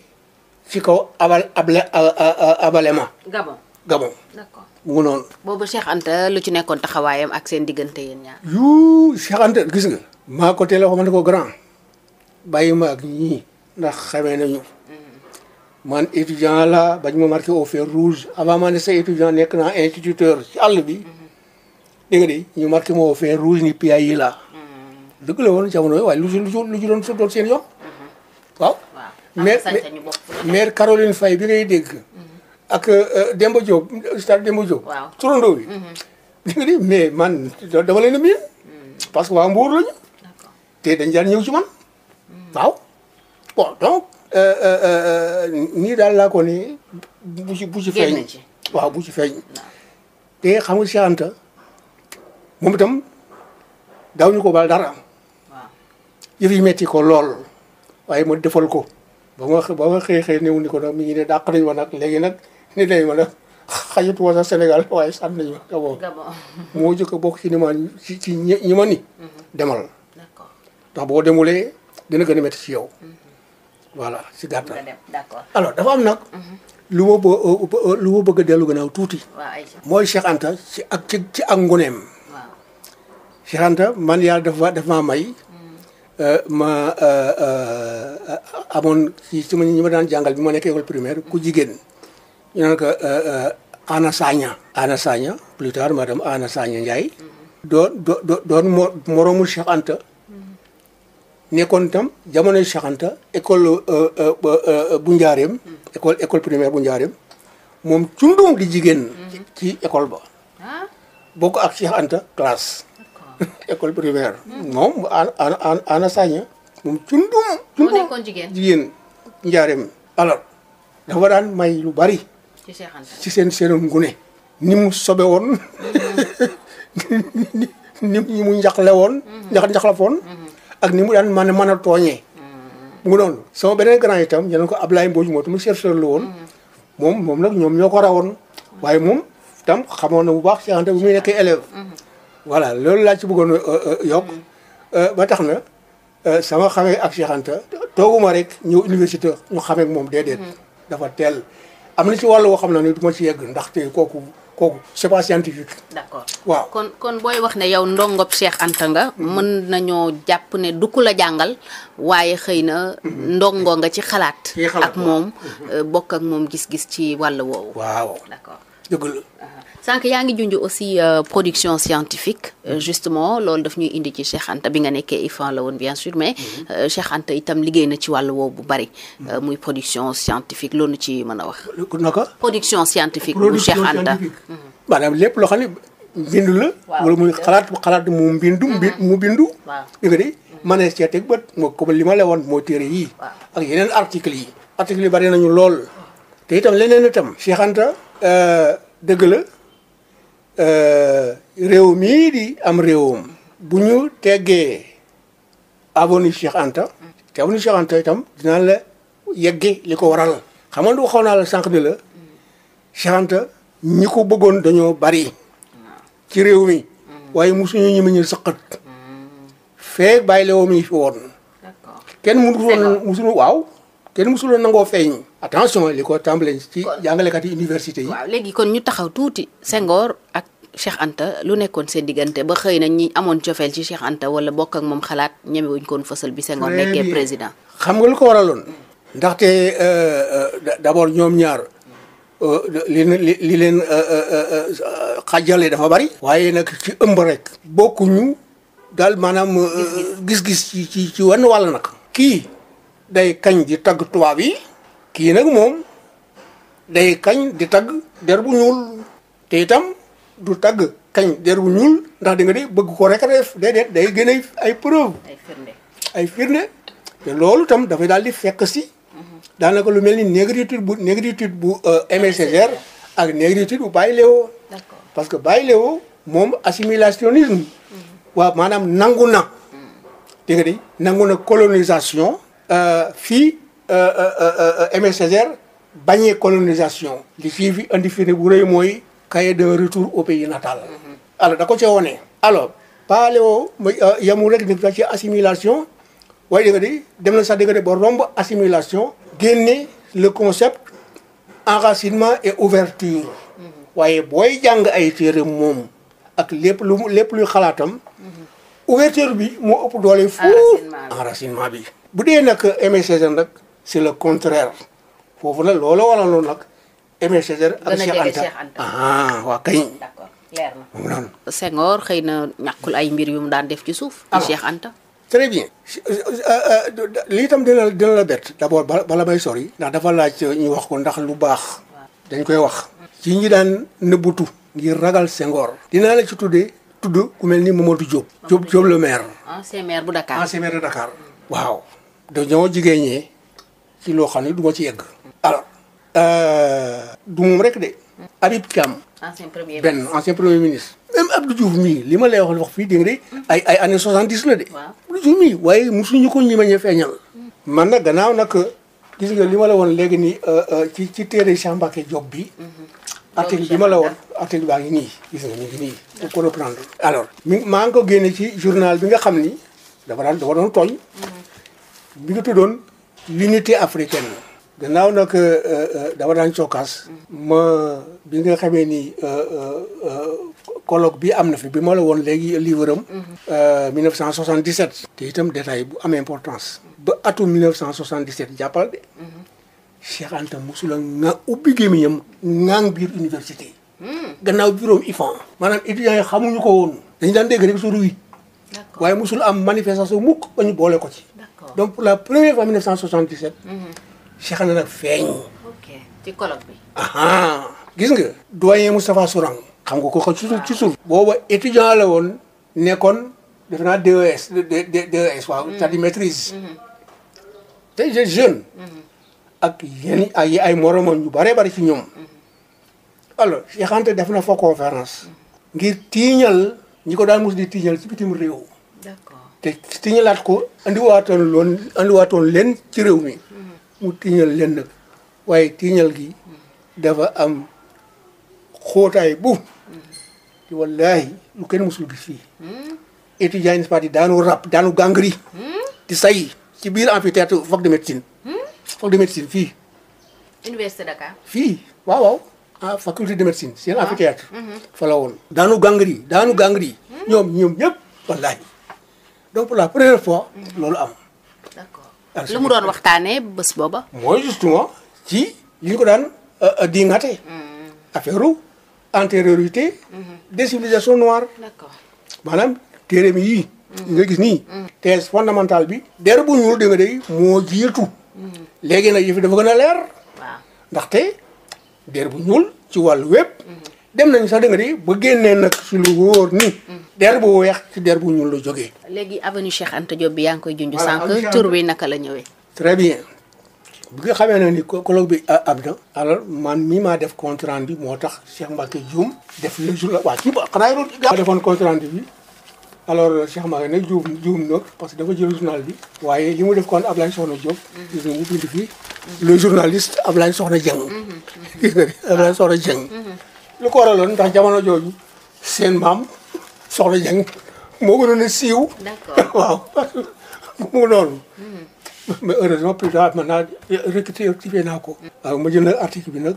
ci kaw abal abale abalema. Gabon Gabon. d'accord mu noonu. boobu Cheikh Anta lu ci nekkoon taxawaayam ak seen diggante yéen ñaar. yuu Cheikh Anta gis nga. maa ko teel a xamante ko grand bàyyi ma ak ñii ndax xamee nañu. Mm-hmm. man étudiant la bañ ma marqué au fer rouge avant ma ne sa étudiant nekk naa instituteur ci àll bi. Mm-hmm. dégg di ñu marqué moo fin rouge ni PAI yi la mm-hmm. dëgg la woon jamono waaye lu ci lu ci doon doon seen yoon mm-hmm. waaw maire maire Caroline Faye bi ngay dégg mm-hmm. ak euh, euh, Demba Diop stade Demba Diop turandoo bi dégg di mais man dama leen a miin parce que waa Mbour lañu te dañ daan ñëw ci man waaw bon donc euh, nii daal laa ko ne bu ci waaw bu ci te xam nga moom itam daawuñu ko baal dara am. yëf yi metti ko lool waaye mu defal ko ba nga ba nga xëy xëy néew ni ko nag mi ngi ne dàq nañ ma nag léegi nag ni dañu ma nag xajut woo sax Sénégal waaye sànni nañu moo jëkk a bokk ci ci ci ñi ma ni. Mhm. demal. ndax boo demulee dina gën a si mhm. gàttal. d'accord alors dafa am nag. Mhm. lu ma bë lu ma bëgg a dellu tuuti. mooy Cheikh Anta ci ak ci ak ngoneem. Cheikh Anta man yàlla dafa daf maa may euh, ma euh, euh, amoon ci suma ñi ma daan jàngal bi ma nekk école primaire ku jigéen ñu naan ko Anna Sagna Anna Sagna plus madame Anna Sagna Ndiaye doon doon moroomu Cheikh Anta nekkoon itam jamonoy Cheikh Anta école bu njaareem école primaire bu njaareem moom cundum di jigéen ci école ba ah. bokk ak Cheikh Anta classe école primaire. moom ana ana ana Saña moom cundum. moo jigéen jigéen njaareem. alors dafa daan may lu bari. ci seen ci seen seenum ngune. ni mu sobe woon mm-hmm. ni ni mu njaxle woon. Mm-hmm. njax njaxlafoon. Mm-hmm. ak ni mu daan mën a mën a tooñee. mu noonu sama beneen grand itam ñu ko Ablaye Mbodj moo tamit chercheur la woon. moom moom nag ñoom ñoo ko rawoon. waaye moom tam xamoon na bu baax si bu muy nekkee élève voilà loolu laa ci bëggoon euh, euh, yokk mm-hmm. euh, ba tax na sama xamee ak Cheikh Anta tooguma rek ñëw université ñu xamee moom déedéet mm-hmm. dafa teel am na ci wàllu woo xam ne du ma ci yegg ndaxte kooku kooku c'est pas scientifique. d'accord waaw kon kon booy wax ne yow ndongob Cheikh Anta nga. Mm-hmm. mën nañoo jàpp ne du ku la jàngal waaye xëy na. ndongo nga ci xalaat. ak moom bokk ak moom gis-gis ci wàll woowu. waaw d'accord dëgg la. Ah. sànq yaa ngi junj aussi euh, production scientifique euh, justement loolu daf ñuy indi ci Cheikh bi nga nekkee IFAN la woon bien sûr mais mhm. euh, Cheikh Anta itam liggéey na ci wàll woowu bu bari mhm. euh, muy production scientifique loolu ci mën a wax. naka production scientifique. bu Cheikh Anta mhm. maanaam lépp loo xam ne mbindu la. wala muy xalaat xalaat mu mbindu. mu bindu. waaw li nga de mënees cee teg bët moo comme li ma la woon moo téere yii. ak yeneen articles yi. articles yi bari nañu lool. te itam leneen itam Cheikh Anta euh, dëgg la. Euh, réew mii di am réewam bu ñu teggee aboni Cheikh Anta te avenue Cheikh Anta itam dinaa la yegge li ko waral xam nga waxoon naa la sànq ni la Cheikh ñi ko bëggoon dañoo bari ci réew mi waaye mosuñu ñi ñu sëqat feeg bàyyi la woo mi fi woon kenn mënutu woon mosuñu waaw nangoo feeñ attention li ko tàmbalee ci jàngalekat yi université yi. waaw léegi kon ñu taxaw tuuti sengoor ak Cheikh Anta lu nekkoon seen diggante ba xëy nag ñi amoon cofeel ci Cheikh Anta wala bokk ak moom xalaat ñemewuñ koon fësal bi Senghor nekkee président. xam nga lu ko waraloon. ndaxte euh, euh, d'abord ñoom ñaar euh, li li li leen xajale dafa bari. waaye nag ci ëmb rek. bokkuñu dal maanaam. gis-gis ci ci ci wenn wàll nag. kii day kañ di tagg tubaab yi. kii nag moom day kañ di tagg der bu ñuul te itam du tagg kañ der bu ñuul ndax di nga de bëgg ko rek a def déedéet day gën a ay preuve ay firnde ay te loolu tam dafay daal di fekk si daanaka lu mel ni négritude bu négritude bu euh, MSSR ak négritude bu Baye Léo parce que Baye Léo moom assimilationnisme mm-hmm. waaw maanaam nangu na mm. di nga de nangu na colonisation euh, fii Euh, euh, euh, Aimé Césaire bañee colonisation li fii fi indi fi ne bu rëy mooy cahier de retour au pays natal mhm. alors da ko cee wone alors paléo yamul rek nekk ci assimilation waaye da nga dem na sax da nga di ba romb assimilation génne le concept enracinement et ouverture mhm. waaye booy jàng ay téere moom ak lépp lu lépp luy xalaatam mhm. ouverture bi mu ëpp doole foofu enracinement bi bu dee nag Aimé Césaire c'est le contraire foofu nag loolu waraloon nag. Aimé Césaire ak Cheikh Anta ah waa kay. d'accord leer na. xëy na ñàkkul ay mbir yu mu daan def ci suuf. ci Cheikh Anta. très bien euh, euh, lii tam dina dina la bett d'abord bala may yi ndax dafa laaj ñu wax ko ndax lu baax. dañ koy wax. ci ñi daan nëbbutu. ngir ragal Senghor. dina la ci tuddee tudd ku mel ni Mamadou Diop. Diop Diop le maire. ancien maire bu Dakar ancien maire de Dakar. waaw dañoo jigéen ci loo xam ne a ci yegg. alors euh, du moom rek de. Habib Thiam. ancien premier benn ancien premier ministre. même Abdou Diouf mii li ma lay wax wax fii dégg de ay ay années soixante dix la de. waaw Abdou Diouf mii waaye mosuñu ko ñi ma ñee feeñal. man na gannaaw nag gis nga li ma la woon léegi nii euh, euh, ci ci téere Cheikh Mbacké Diop bi. Mhm. article bi ma la woon article baa ngi nii gis nga mi ngi pour ko reprendre alors mi maa ngi génne ci journal bi nga xam ni dafa daan dafa doon tooñ bi mhm. nga tuddoon l'unité africaine la gannaaw nag euh, euh, dama daan ma bi nga xamee ni euh, colloque bi am na fi bi ma la woon léegi livre am 1977 te itam détail bu am importance ba atum 1977 jàppal de Cheikh Anta musula nga ubbi gémmiñam ngaang biir université gannaaw juróom ifan maanaam étudiants yi xamuñu ko woon dañ daan dégg rek su ruy waaye musul am manifestation mukk ba ñu boole ko ci donc pour la première fois en 1977. Mhm. Cheikh Anta nag feeñ. ok gis nga. doyen Moustapha Sourang. xam nga ko ko ci suuf ci suuf. booba woon nekkoon defe naa DES DES waaw mhm. c'est-à-dire maîtrise. Mhm. tey j'ai jeune. ak yenn ay ay moromam ñu bare bari ci ñoom. alors Cheikh Anta def na fa ngir tiiñal ñi ko daan mos di tiiñal ci bitim réew. te tiñalaat ko andiwaatoon loon andiwaatoon leen ci réew mi mu tiñal leen nag waaye tiñal gi dafa am xóotaay bu ci wallaahi lu kenn musul gis fii étudiants yi parti daanu rap daanu gàngri di say ci biir amphithéâtre fac de de médecine fii fii waaw waaw ah faculté de médecine seen amphithéâtre mhm. fa la woon daanu gàngri daanu gàngri mhm. ñoom ñoom ñëpp wallaahi donc pour la première fois loolu am. lu mu doon waxtaanee bés booba. mooy justement ci li ñu ko daan euh, euh, di ngate. Hmm. affaire antériorité. Mhm. des civilisations noires. d'accord maanaam téereem yii. Hmm. nga gis nii. Hmm. thèse fondamentale bi. der bu ñuul dégg nga day moo jiitu. léegi nag yëf yi dafa gën a leer. waaw ndaxte der bu ñuul ci wàllu wépp dem nañ sax da nga ba génnee nag si lu wóor nii. Mm. der bu weex ci der bu ñuul la jógee. léegi avenue Cheikh Anta Diop bi yaa ngi koy junj. sànq tur bi naka la ñëwee. très bien nga xamee ne ni colloque bi ab ah, na. alors man mii maa def compte bi moo tax Cheikh Mbacke Dioum def le jour la waa kii defoon compte rendu bi alors Cheikh Mbacke nag Dioum Dioum nag parce que dafa jël journal bi. waaye li mu def kon Ablaye Soxna Diop. Mm-hmm. gis nga mu bind fii. le journaliste Ablaye Soxna Dieng. Mm-hmm. gis nga Soxna Dieng. Mm-hmm. lu ko waraloon ndax jamono jooju seen maam soxla Dieng moo gënoon a siiw. d'accord waaw mu noonu. Hmm. mais heureusement plus tard maintenant rectifié naa ko. waaw ma jël nag article bi nag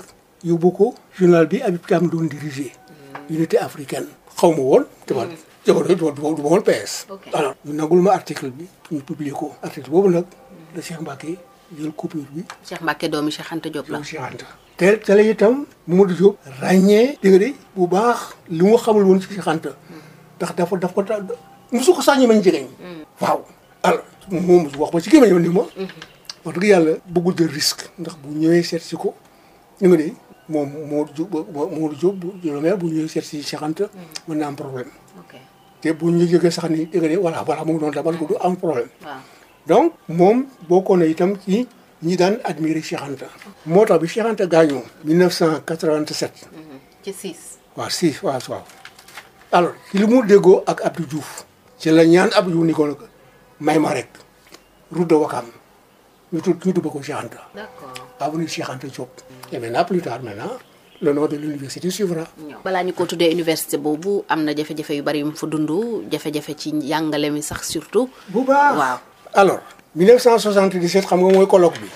yóbbu ko journal bi Habib Thiam doon dirigé. Hmm. unité africaine xaw ma woon. tamit hmm. jamono du ma du ma woon PS. alors ñu nangul ma article bi ñu publier ko. article boobu nag la Cheikh Mbacke jël coupure bi. Cheikh Mbacke doomi Cheikh Anta Diop la Cheikh Anta. te te la du Mamadou Diop ràññee dégg bu baax li mu xamul woon ci Cheikh Anta ndax dafa daf ko ta mosu ko sax ñi mañ jegeñ waaw alors moom mosu wax ba ci gémañoon ni ma wax dëgg yàlla bëggul de ndax bu ñëwee seet si ko ñu nga de moom Mamadou Diop Mamadou Diop le maire bu ñëwee seet si Cheikh Anta mën na am problème te bu ñu jógee sax ni dégg nga de voilà mu ngi damal ko am problème donc moom boo na itam ci ñu daan admirer Cheikh Anta. moo tax bi Cheikh Anta gaañoo. 1987. Mm-hmm. ci 6. waaw 6 li mu déggoo ak Abdou juuf ci la ñaan Abdou Diouf ni ko may ma rek. route de Wakam ñu tudd ñu ko Cheikh Anta. d'accord avenue Cheikh Anta Diop. et maintenant plus tard maintenant. le nom de l'université suivra. balaa ñu ko tuddee université boobu am na jafe-jafe yu bari yu mu fa dund jafe-jafe ci yàngale mi sax surtout. bu baax waaw alors. 1977 xam nga mooy colloque bi.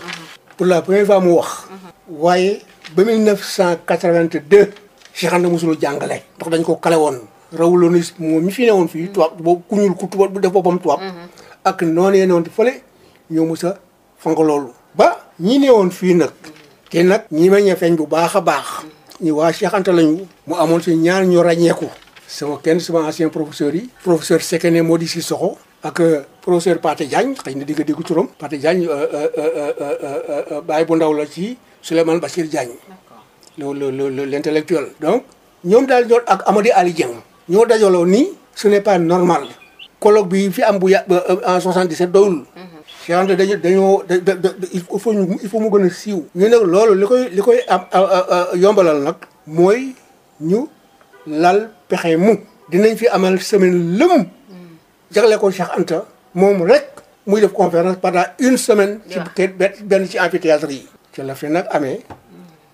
pour la première fois mu wax. waaye ba 1982. Cheikh Anta mosul jàngale. ndox dañ koo kale woon. rawuloon moom mi fi ne woon fii tubaab boobu ku ñuul ku tubaab bu def boppam tubaab. ak noonu yéen a fo fële ñoo mu sa fonk loolu. ba ñi ne woon fii nag. te nag ñi meññee feeñ bu baax a baax. ñi waa Cheikh Anta mu amoon si ñaar ñu ràññeeku. sama kenn sama ancien professeur yi. professeur Sekene Mody Sissoko. ak euh, professeur Pathé Diagne xëy na di nga dégg turam. Pathé Diagne euh, euh, bu ndaw la ci Souleymane Bachir Diagne. d'accord le le le l'intellectuel. donc ñoom daal ñoo ak Amady Ali Dieng. ñoo dajaloo ni su n'est pas normal. colloque bi fi am bu ya en 77 doyul. chante mm-hmm. dañu dañoo il faut mu gën a siiw. ñu ne loolu li koy li koy am yombalal nag. mooy ñu lal pexe mu. dinañ fi amal semaine lëmm. jagle ko Cheikh Anta moom rek muy def conférence pendant une semaine ci benn ci amphithéâtre yi ci la nag amee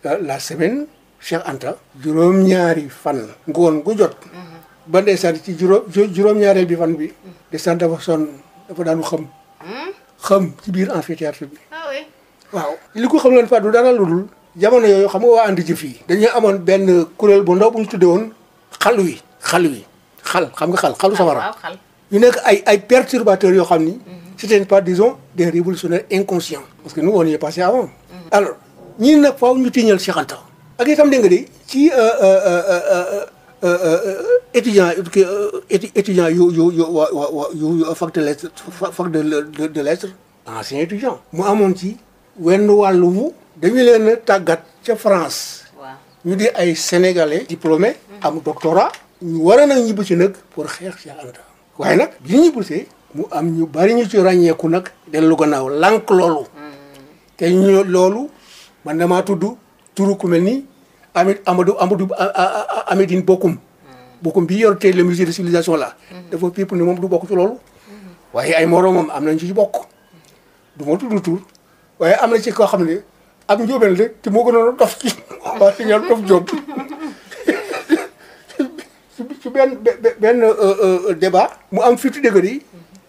euh, la semaine Cheikh Anta juróom-ñaari fan ngoon gu jot mm-hmm. ba ndeysaan ci juróom juróom-ñaareel bi fan bi ndeysaan dafa sonn dafa xam hmm? xam ci biir amphithéâtre bi ah waaw li ko xam loon fa du dara lu dul jamono yooyu xam nga waa ànd jëf yi dañoo amoon benn kuréel bu ndaw bu ñu tudde woon xal yi xalu yi xal xam nga xal xalu safara ah yu nekk ay ay perturbateurs yoo xam ni. Mhm. c'était pas disons des révolutionnaires inconscients. parce que nous on y est passé avant. Mhm. alors ñii nag faaw ñu tiñal Cheikh Anta. ak itam dégg nga de ci étudiants yu yu de lettres fac de mu amoon ci wenn wàllu wu. dañu leen tàggat ca France. ñu di ay sénégalais. diplômé mhm. am doctorat. ñu war a ci nag pour xeex Cheikh Anta. waaye nag bi ñuy poussé mu am ñu bari ñu ci ràññeeku nag dellu gannaaw lànk loolu. te ñu loolu man damaa tudd turu ku mel ni Amid Amadou Amadou Amidine bi yor tey le musée de civilisation la. dafa pipp ni moom du bokk ci loolu. waaye ay moromam am nañ ci bokk. du ma tudd tur waaye am na ci koo xam ne ab njóobeen la te moo gënoon a dof ci waa Sénégal dof jóob. ci benn benn euh, euh, débat mu am fitu dëgër yi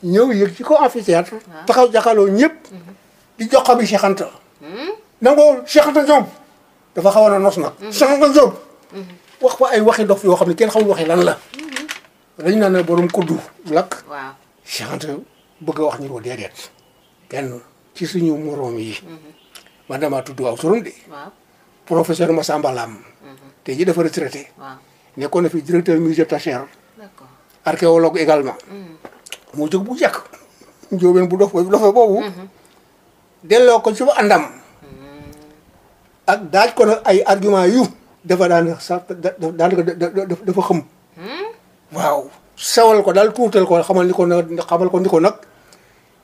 ñëw yëg ci ko amphithéâtre ah. taxaw jàkkaarloo ñëpp mhm. di jox xam yi Cheikh Anta hmm? nangoo Cheikh Anta dafa xaw a nos nag mhm. Cheikh Anta mhm. wax fa ay waxi dof yoo xam ne kenn xamul waxi lan la dañu naan ne borom kuddu lakk Cheikh bëgg a wax ñu ko déedéet kenn ci suñu moroom yi man damaa tudd waaw turam de professeur Massamba Lam tey ji dafa retraité nekkoon na fi directeur musée Tachère. d'accord archéologue également. Mm. moo jóg bu njëkk. njóobeen bu dof boobu. Mm-hmm. delloo ko ci ba àndam. Mm. ak daaj ko nag ay argument yu. dafa daan sax daanaka dafa xam. Mm. waaw sewal ko dal tuutal ko xamal ni ko nag xamal ko ni ko nag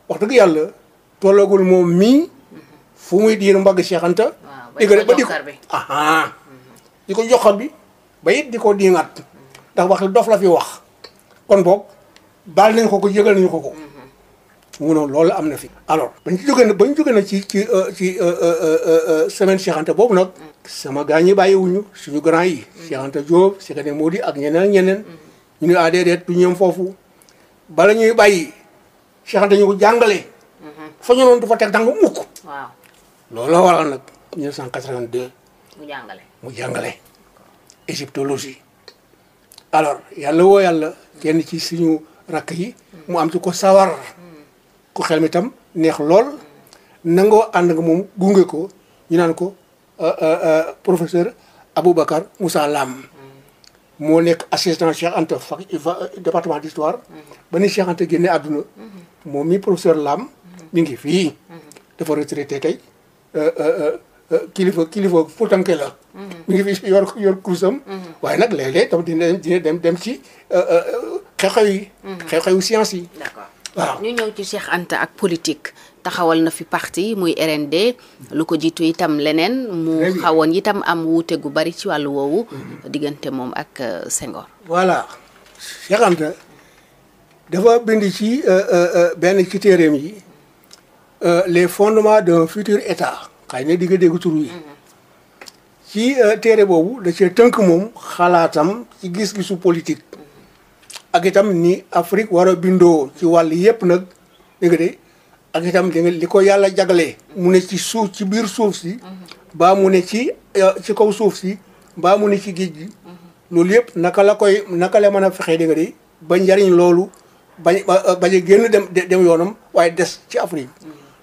wax dëgg yàlla tolloogul moom mii mm-hmm. fu muy diir ba di ko joxar bi ah ah di ko joxar bi. ba it di ko diiŋat ndax wax dof la fi wax kon boog bal nañ ko ko yëgal nañu ko ko mu noonu loolu am na fi alors bañ jóge na bañ jóge na ci ci euh, ci euh, euh, semaine Cheikh Anta boobu nag sama gars ñi bàyyiwuñu suñu grand yi Cheikh Anta Diop Cheikh Anta Mody ak ñeneen ñeneen mm-hmm. ñu ne adeedeet ah, du ñëm foofu bala ñuy bàyyi Cheikh Anta ñu ko jàngalee mm-hmm. fa ñu noonu du fa teg danga mukk waaw loolu la waral nag 1982 mu jàngale mu jàngale égyptologie alors yàlla woo yàlla kenn ci suñu rakk yi mu am ci ko sawar ku xel mi tam neex lool nangoo ànd ak moom gunge ko ñu naan ko euh, euh, euh, professeur Aboubacar Moussa Lam moo nekk assistant Cheikh Anta fac département d'histoire ba ni Cheikh Anta génne àdduna moom mi professeur Lam mi ngi fii dafa retraité tey kilifa kilifa futanke la mhm. mi ngi fi yor yor kursam mhm. waaye nag léeg-léeg tam dina dem dem ci euh, euh, xew-xew yi mhm. xew-xewu science yi waaw ñu ñëw ci Cheikh Anta ak politique taxawal na fi parti muy RND lu ko jiitu itam leneen mu xawoon itam am wuute gu bari ci wàllu woowu diggante moom ak euh, Senghor voilà Cheikh Anta dafa bind ci benn ci téeréem yi les fondements d'un futur état xëy na di nga dégg tur yi ci euh, téere boobu da cee tënk moom xalaatam ci gis-gisu politique ak itam ni Afrique war a bindoo ci wàll yépp nag dégg nga de ak itam di nga li ko yàlla jaglee mu ne ci suuf ci biir suuf si baa mu ne ci euh, ci kaw suuf si baa mu ne ci géej gi loolu yëpp naka la koy naka la mën a fexee dégg de ba njariñ loolu bañ euh, bañ a génn dem dem yoonam waaye des ci Afrique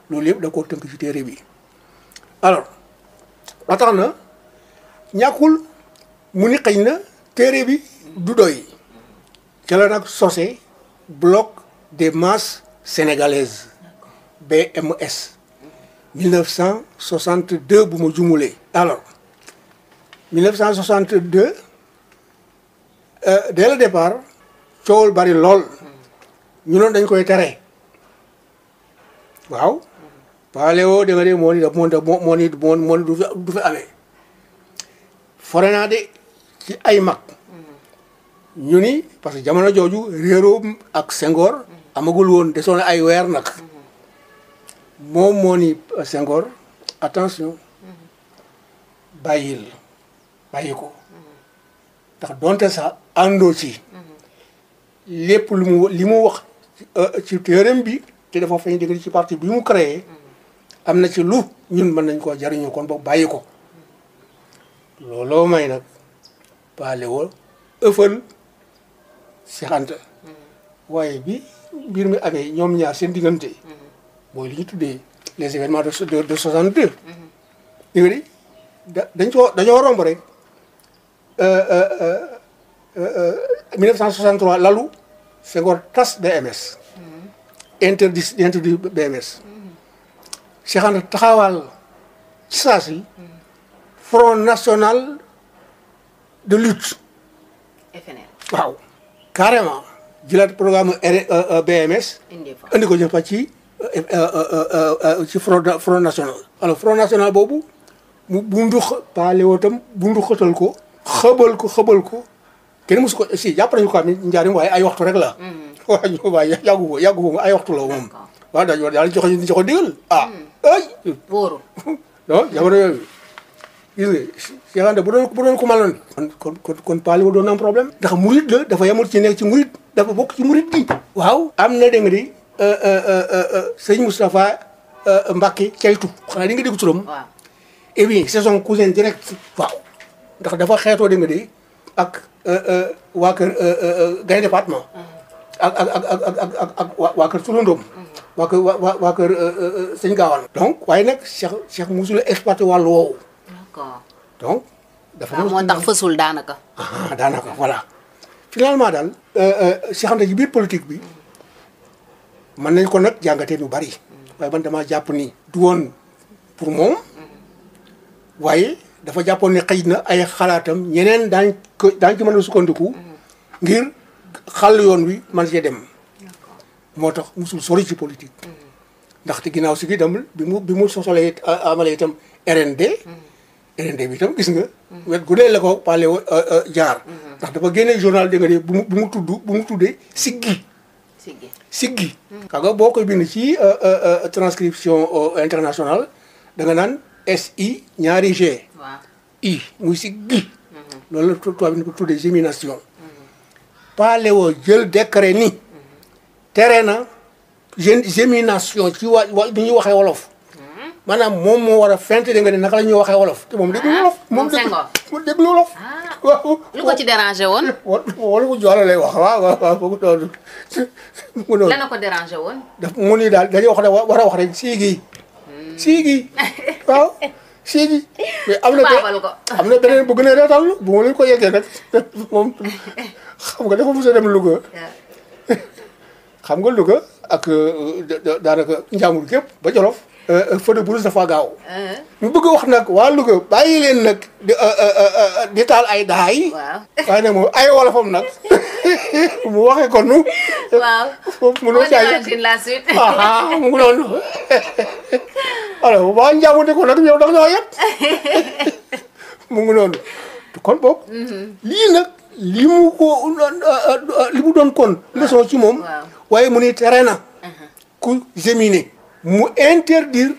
loolu yëpp da koo tënk ci téere bi alors ba na ñàkkul mu ni xëy na téere bi du doy ca la nag sosé bloc des masses sénégalaises BMS 1962 bu ma jumulee alors 1962 euh, dès coowul bari lool ñu noonu dañ koy tere waaw paléo da de moo ni moo ni moo moo ni du fi amee fore naa de ci ay mag ñu parce que jamono jooju réeroo ak Senghor amagul woon desoon ay weer nag moom moo ni Senghor attention bàyyil bàyyi ndax donte sax àndoo ci lépp lu mu li mu wax ci téeram bi te dafa feeñ dëgg ci parti bi mu créé am na ci lu ñun mën nañ koo jariñoo kon boog bàyyi ko looloo may nag paale woo ëffal si xanta waaye bi mbir mi amee ñoom ñaar seen diggante mooy li ñu tuddee les événements de soixante deux di nga di da rek euh, euh, euh, mille neuf cent soixante trois lalu Senghor tas BMS mm-hmm. interdit interdit BMS Cheikh Anta taxawaal ci front national de lutte. FNL waaw. carrément jëlaat programme e, euh, euh, BMS. indi ko jël fa ci euh, ci front front national. alors front national boobu mu bundu paale woo itam bundu ko. xëbal ko xëbal ko kenn ko si jàpp nañu ko am njaarim waaye ay waxtu rek la. Mm-hmm. waaw waaye yàggu ko yàggu ko ay waxtu la moom. waaw dañu daal joxe joxe digal ah. Mm-hmm. ay wóoru jamono yooyu gis nga Cheikh Anta bu doon bu ko maloon kon kon kon paali doon am problème ndax murit la dafa yamul ci nekk ci murit dafa bokk ci murit bi waaw am na dégg nga di euh, euh, euh, sëñ Moustapha Mbacké caytu xanaa di nga dégg turam eh bien c'est son cousin direct waaw ndax dafa xeetoo dégg nga ak waa kër waa kër waa waa kër euh, euh, euh, sëñ Gaawaan. donc waaye nag Cheikh Cheikh mosul exploité wàllu woowu. donc. dafa mos moo tax fësul daanaka. Ah, daanaka voilà. finalement daal Cheikh Anta ci biir politique bi mën nañ ko nag jàngatee lu bari. waaye man damaa jàpp ni du woon pour moom. waaye dafa jàppoon ne xëy na ay xalaatam ñeneen daañ daañ ci mën a sukkandiku. ngir xàll yoon wi man cee dem. moo tax musul sori ci politique. ndaxte ginnaaw si gi itam bi mu bi mu sosolee amale itam RND. RND bi tam gis nga. wet gu la ko parlé jaar. ndax dafa génne journal dégg nga ne bu mu bu tudd bu mu tuddee siggi. siggi siggi. boo koy bind ci transcription internationale da naan SI ñaari G. waaw I muy siggi. loolu la tubaab bi ñu tuddee gémination. parlé woo jël décret ni tere na gémination ci wa wa bi ñuy waxee wolof. maanaam moom moo war a fent de nga ne naka la ñuy waxee wolof. te moom déglu ah, wolof moom déglu wolof. waaw ah, lu ko ci dérangé woon. wala bu jox lay wax waaw waaw waaw mu noonu. lan la ko dérangé woon. daf mu ni daal dañuy wax ne war a wax rek siigi. Hmm. siigi waaw siigi. mais am na am na beneen bu gën a reetal bu ma leen ko yeggee nag moom xam nga dafa mos a dem Louga. xam nga Louga ak euh, daanaka njaamul gépp ba Jolof euh, euh, feu de brousse dafa gaaw ñu bëgg wax nag waa Louga bàyyi leen nag di ay daay waaye nag moom ay wolofam nag mu waxee ko nu waaw foofu mënoo ah, ah, ah, mu ngi noonu alors da ñoo yet mu ngi noonu kon boog mhm. lii nag li mu ko li mu doon kon leçon ci moom wayemuni terrain mhm. ku géminer mu interdire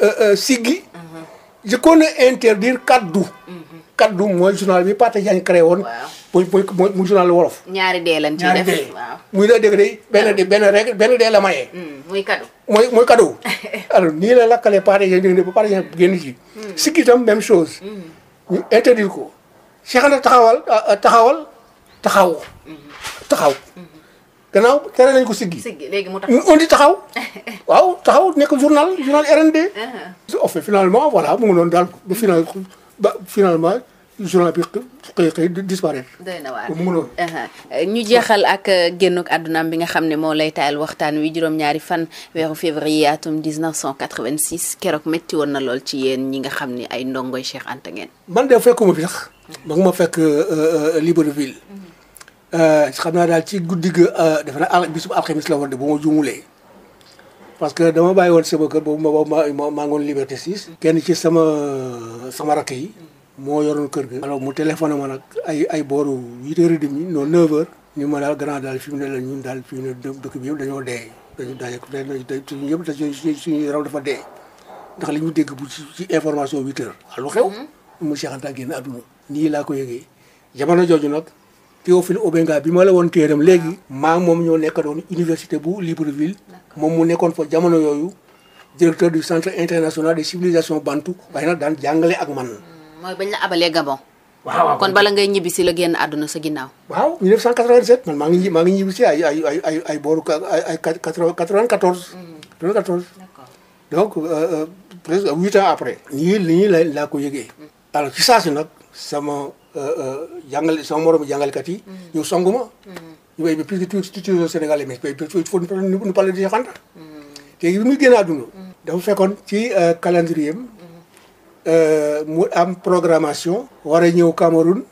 euh, euh, siggi mhm. jëkkoon a interdire kaddu mhm. kaddu mooy journal bi Pate Diagne créé woon muy muy mu journal wolof ñaari dee lan ci def muy la dégg day benn de benn rek benn dee la mayee mm, muy kaddu mooy mooy kaddu alors nii la lakkalee Pate Diagne dégg ne ba Pate Diagne génn ci mm. siggi itam même chose mm. ñu interdire ko Cheikh Anta taxawal euh, taxawal gannaaw a nañ ko siggi. siggi léegi mu taxaw on dit taxaw. waaw taxaw nekk journal journal RND. su offre finalement voilà mu ngi noonu daal ba final ba finalement. journal bi xëy xëy disparaître. doy na waar mu noonu. Uh-huh. ñu jeexal ak uh, génnuk adduna bi nga xam ne moo lay taayal waxtaan wi juróom-ñaari fan weeru février atum 1986 keroog métti woon na lool ci yéen ñi nga xam ne ay ndongoy Cheikh Anta ngeen. man de fekkuma fi sax. ma fekk ma uh, fekk uh, Libreville. Mm-hmm. Euh, xam naa daal ci guddi ga euh, dafa naa bisub alxamis la woon de bu ma juumulee parce que dama bàyyi woon sama kër boobu ma ma maa ngoon liberté 6 kenn ci sama sama rakk yi moo yoroon kër ga alors mu téléphoné ma nag ay ay booru huit heures et demi non neuf ñu ma daal grand daal fi mu ne la ñun daal fi mu ne dëkk bi yëpp dañoo dee dañu daje suñu yëpp da suñu raw dafa dee ndax li ñu dégg bu ci information huit heures alu xew mm-hmm. mu Cheikh Anta génn àdduna nii laa ko yëgee jamono jooju nag Théophile Obenga bi ma la woon téeram léegi maa moom ñoo nekk doon université bu Libreville moom mu nekkoon fa jamono yooyu directeur du centre international des civilisations bantou waaye nag daan jàngale ak man mm, mooy bañ la abalee Gabon waaw kon bala ngay ñibbi si la génn àdduna sa ginnaaw waaw 1987 man maa ngi maa ngi ñibbi si ay ay ay ay ay booru ay 94 94 mm. donc li euh, euh, ñuy la laa ko yëgee mm. alors ci saa si nag sama jàngale sama moromu jàngalekat yi. Mm. Mm. ñu song ma. ñu béy mm. bi plus que tous tous les Sénégalais dafa fekkoon ci euh, calendrier euh, mu am programmation. war a ñëw Cameroun.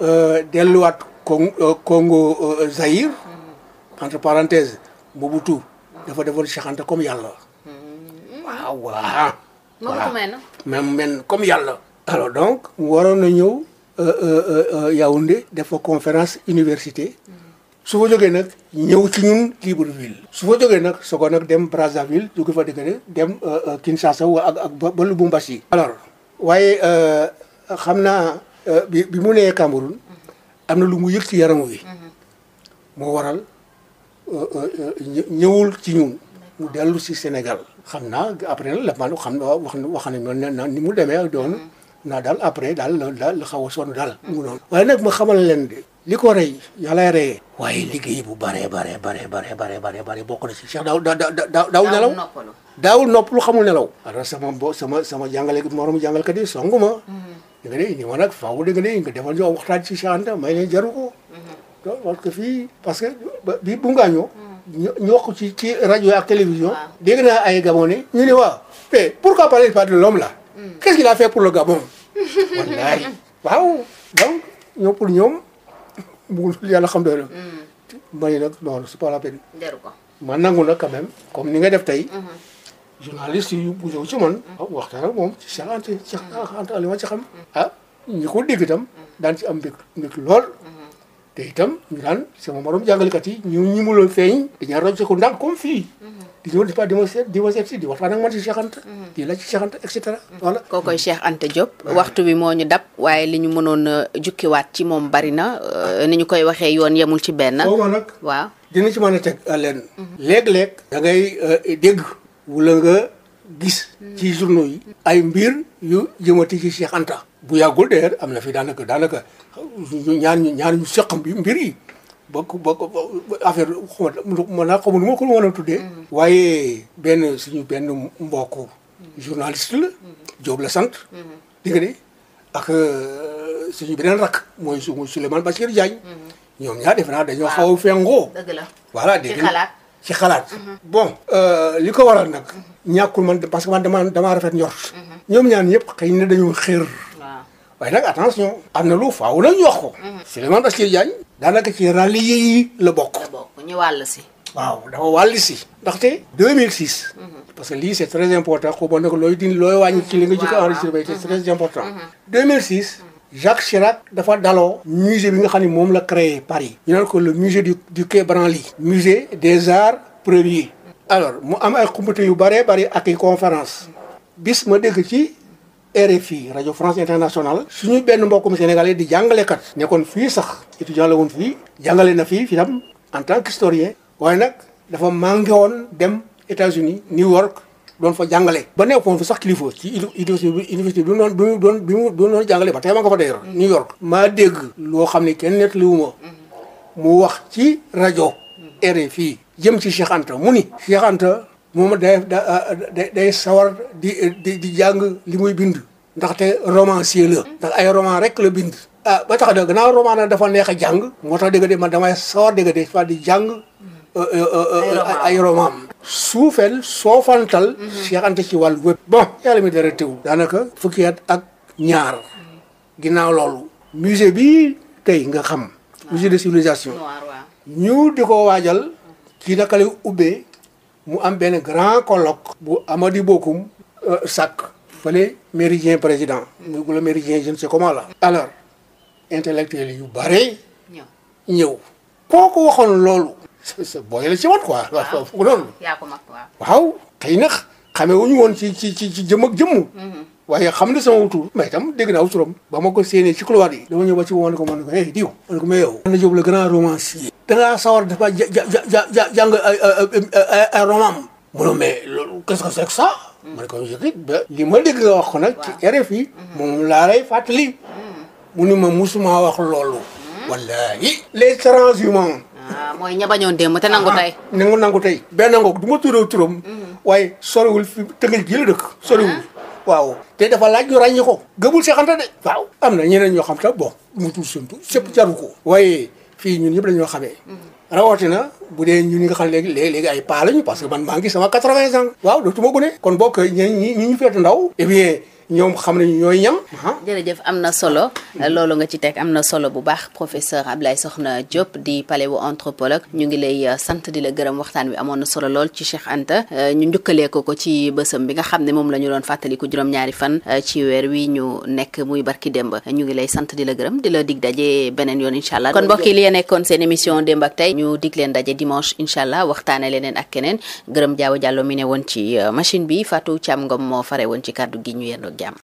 Euh, delluwaat Congo Congo Zaïre. entre parenthèses Mobutu. dafa defoon Cheikh Anta yàlla. waaw waaw. voilà yàlla. alors donc waroon na ñëw euh, euh, euh, Yaoundé def fa conférence université su fa jógee nag ñëw ci ñun Libreville. su fa jógee nag soo ko nag dem Brazzaville jóge fa dëgg dem Kinshasa wa ak ak ba mbasi alors waaye xam naa bi bi mu nee Cameroun am na lu mu yëg ci yaram wi moo waral ñëwul ci ñun mu dellu si Sénégal. xam naa après la man xam na wax wax nañu ni mu demee ak doon. naa daal après daal loolu daal xaw a sonn daal mu noonu waaye nag ma xamal leen de li ko rey yàllaay reyee waaye liggéey bu bare bare bare bare bare bare bare bokk na si Cheikh daaw da da daawul nelaw daawul nopp lu xamul nelaw alors sama bo sama sama jàngale moroom jàngalkat yi songu ma da mhm. nga ma nag faaw da nga ne nga defal ñu waxtaan si Cheikh Anta may leen jaru ko mhm. parce que fii bi bu ngaañoo mhm. ñu wax ci rajo ak télévision dégg naa ay gabonais ñu ne waaw mais pourquoi parler pas de qu'est-ce qu'il a fait pour le Gabon wallaay waaw donc ñoom pour ñoom bu yàlla xam doy la mani mm. nag non c'est pas la peine man nangu nag quand même comme ni def tey mm-hmm. journaliste yu bu ñëw ci man mm-hmm. waxtaan ak moom ci Cheikh Anta Cheikh mm-hmm. ci xam ah ñu ko dégg daan ci am mbég mbég lool te itam ñu naan sama morom jàngalekat yi ñu ñi mu la feeñ dañaa roj sa ko ndànk comme fii mhm. di ñëw di fa di ma seet di ma seet si di waxtaan ak man si mhm. waxtu bi moo ñu dab waaye li ñu mënoon a euh, jukkiwaat ci moom bari na euh, ni ñu koy waxee yoon yemul ci benn waaw nag waaw dina ci mën a teg leen mhm. léeg-léeg da ngay euh, dégg wala nga gis ci journaux yi ay mbir yu jëmati ci Cheikh bu yàggul deer am na fi daanaka daanaka ñaar ñu ñaar ñu seq mbir yi bokk bokk affaire xuma naa xamu nu ma ko mën a tuddee mm-hmm. waaye benn suñu benn mbokk mm-hmm. journaliste la Diop mm-hmm. la sant dégg nga de ak euh, suñu beneen rakk mooy su Souleymane Bachir Diagne ñoom ñaar defe naa dañoo xaw a fengoo dëgg la voilà dégg ci xalaat bon euh, li ko waral nag ñàkkul man parce que man dama damaa rafet njort ñoom ñaan ñëpp xëy na dañoo xër waaye nag attention am na lu faaw nag ñu wax ko. Mhm. Souleymane Bachir Diagne. daanaka ci rallié yi la bokk. la bokk ñu si. waaw dafa wàll si. ndaxte 2006. Mhm. parce que lii c' est très important xaw ma nag looy dindi looy wàññi ci li nga jëkk a enregistré bay c' est très mhm. important. 2006. Jacques Chirac dafa daloo. musée bi nga xam ne moom la créé Paris. ñu naan ko le musée du du Quai Branly. musée des arts premiers. alors mu am ay xumbute yu bëree bëri ak i conférence bis ma dégg ci. fii rajo France Internationale suñu benn mbokkum sénégalais di jàngalekat nekkoon fii sax étudiant la woon fii jàngale na fii fi tam en tant qu'historien waaye nag dafa manqué woon dem États-Unis New York doon fa jàngale ba nekkoon fi sax kilifa ci université bi doon bi doon bi mu doon jàngale ba tey ma nga fa day New York maa dégg loo xam ne kenn nettaliwu ma mu wax ci rajo RFI jëm ci Cheikh mu ni Cheikh moom ah, day day sawar di di di jàng li muy bind. ndaxte romancier la. ndax ay roman rek la bind. ah ba tax na gannaaw roman nag dafa neex a jàng. moo tax dégg de man damay sawar dégg de di jàng. Mm. Euh, euh, euh, ay roman suufeel soofantal. Mm-hmm. Cheikh Anta ci wàllu wépp. bon yàlla dara teewul. daanaka fukki ak ñaar ginnaaw loolu. musée bi tey nga xam. musée de civilisation. ñu di ko waajal. ci naka lay ubbee. mu am benn grand colloque bu Amady Bokum euh, sàkk fële méridien président mu la méridien je ne sais comment là alors intellectuel yu bare ñëw koo ko waxoon loolu sa booy la ci woon quoi waaw fu noonu waaw xëy na xamee wuñu woon ci ci ci ci jëm ak jëmm mm-hmm. waaye xam na sama wutur mais itam dégg naa wuturam ba ma ko séenee ci couloir yi dama ñëw ba ci woon ko man ko eh diw man ko mais yow man na jóob grand romancier dangaa sawar dafa ja ja jàng ay ay ay roman mu ne mais loolu qu'est-ce que c'est que ça. ma ne ko yëkkit ba li ma dégg nga wax ko nag. ci RFI. Mm-hmm. moom laa lay fàttali. Mm-hmm. mu ni ma musuma wax loolu. Mm-hmm. wallaahi. les transhumants. ah mooy ña bañoon démb te nangu ah, tey. nangu nangu tey. benn ngoog du ma tuddee turam. waaye soriwul fi tënkil ji la dëkk. soriwul uh-huh. waaw. te dafa laaj ñu ràññi ko. gëmul seexante de. waaw am na ñeneen ñoo xam te bon mu tudd seen tur. sëpp jaru ko. waaye. fii ñun ñëpp dañoo xamee. rawatina bu dee ñun ñi nga xam léegi léegi léegi ay paa lañu parce que man sama 80 ans. waaw dootuma gune kon bokk ñi ñu feetu ndaw. eh ñoom xam nañu ñooy ñam. Ah. jërëjëf am na solo loolu nga ci teg am na solo bu baax professeur Ablaye Sokhna Diop di paléoanthropologue ñu ngi lay euh, sant di la gërëm waxtaan wi amoon na solo lool ci Cheikh Anta euh, ñu njukkalee ko ci bësam bi nga xam ne moom la ñu doon fàttaliku juróom-ñaari fan euh, ci weer wi ñu nekk muy barki démb ñu ngi lay sant di la gërëm di la dig daje beneen yoon incha allah kon mbokk yi li nekkoon seen émission démb ak tey ñu dig leen daje dimanche incha allah waxtaane leneen ak keneen gërëm jaaw jàllo mi ne woon ci machine bi Fatou Thiam Ngom moo fare woon ci kàddu gi ñu yendoo Norge.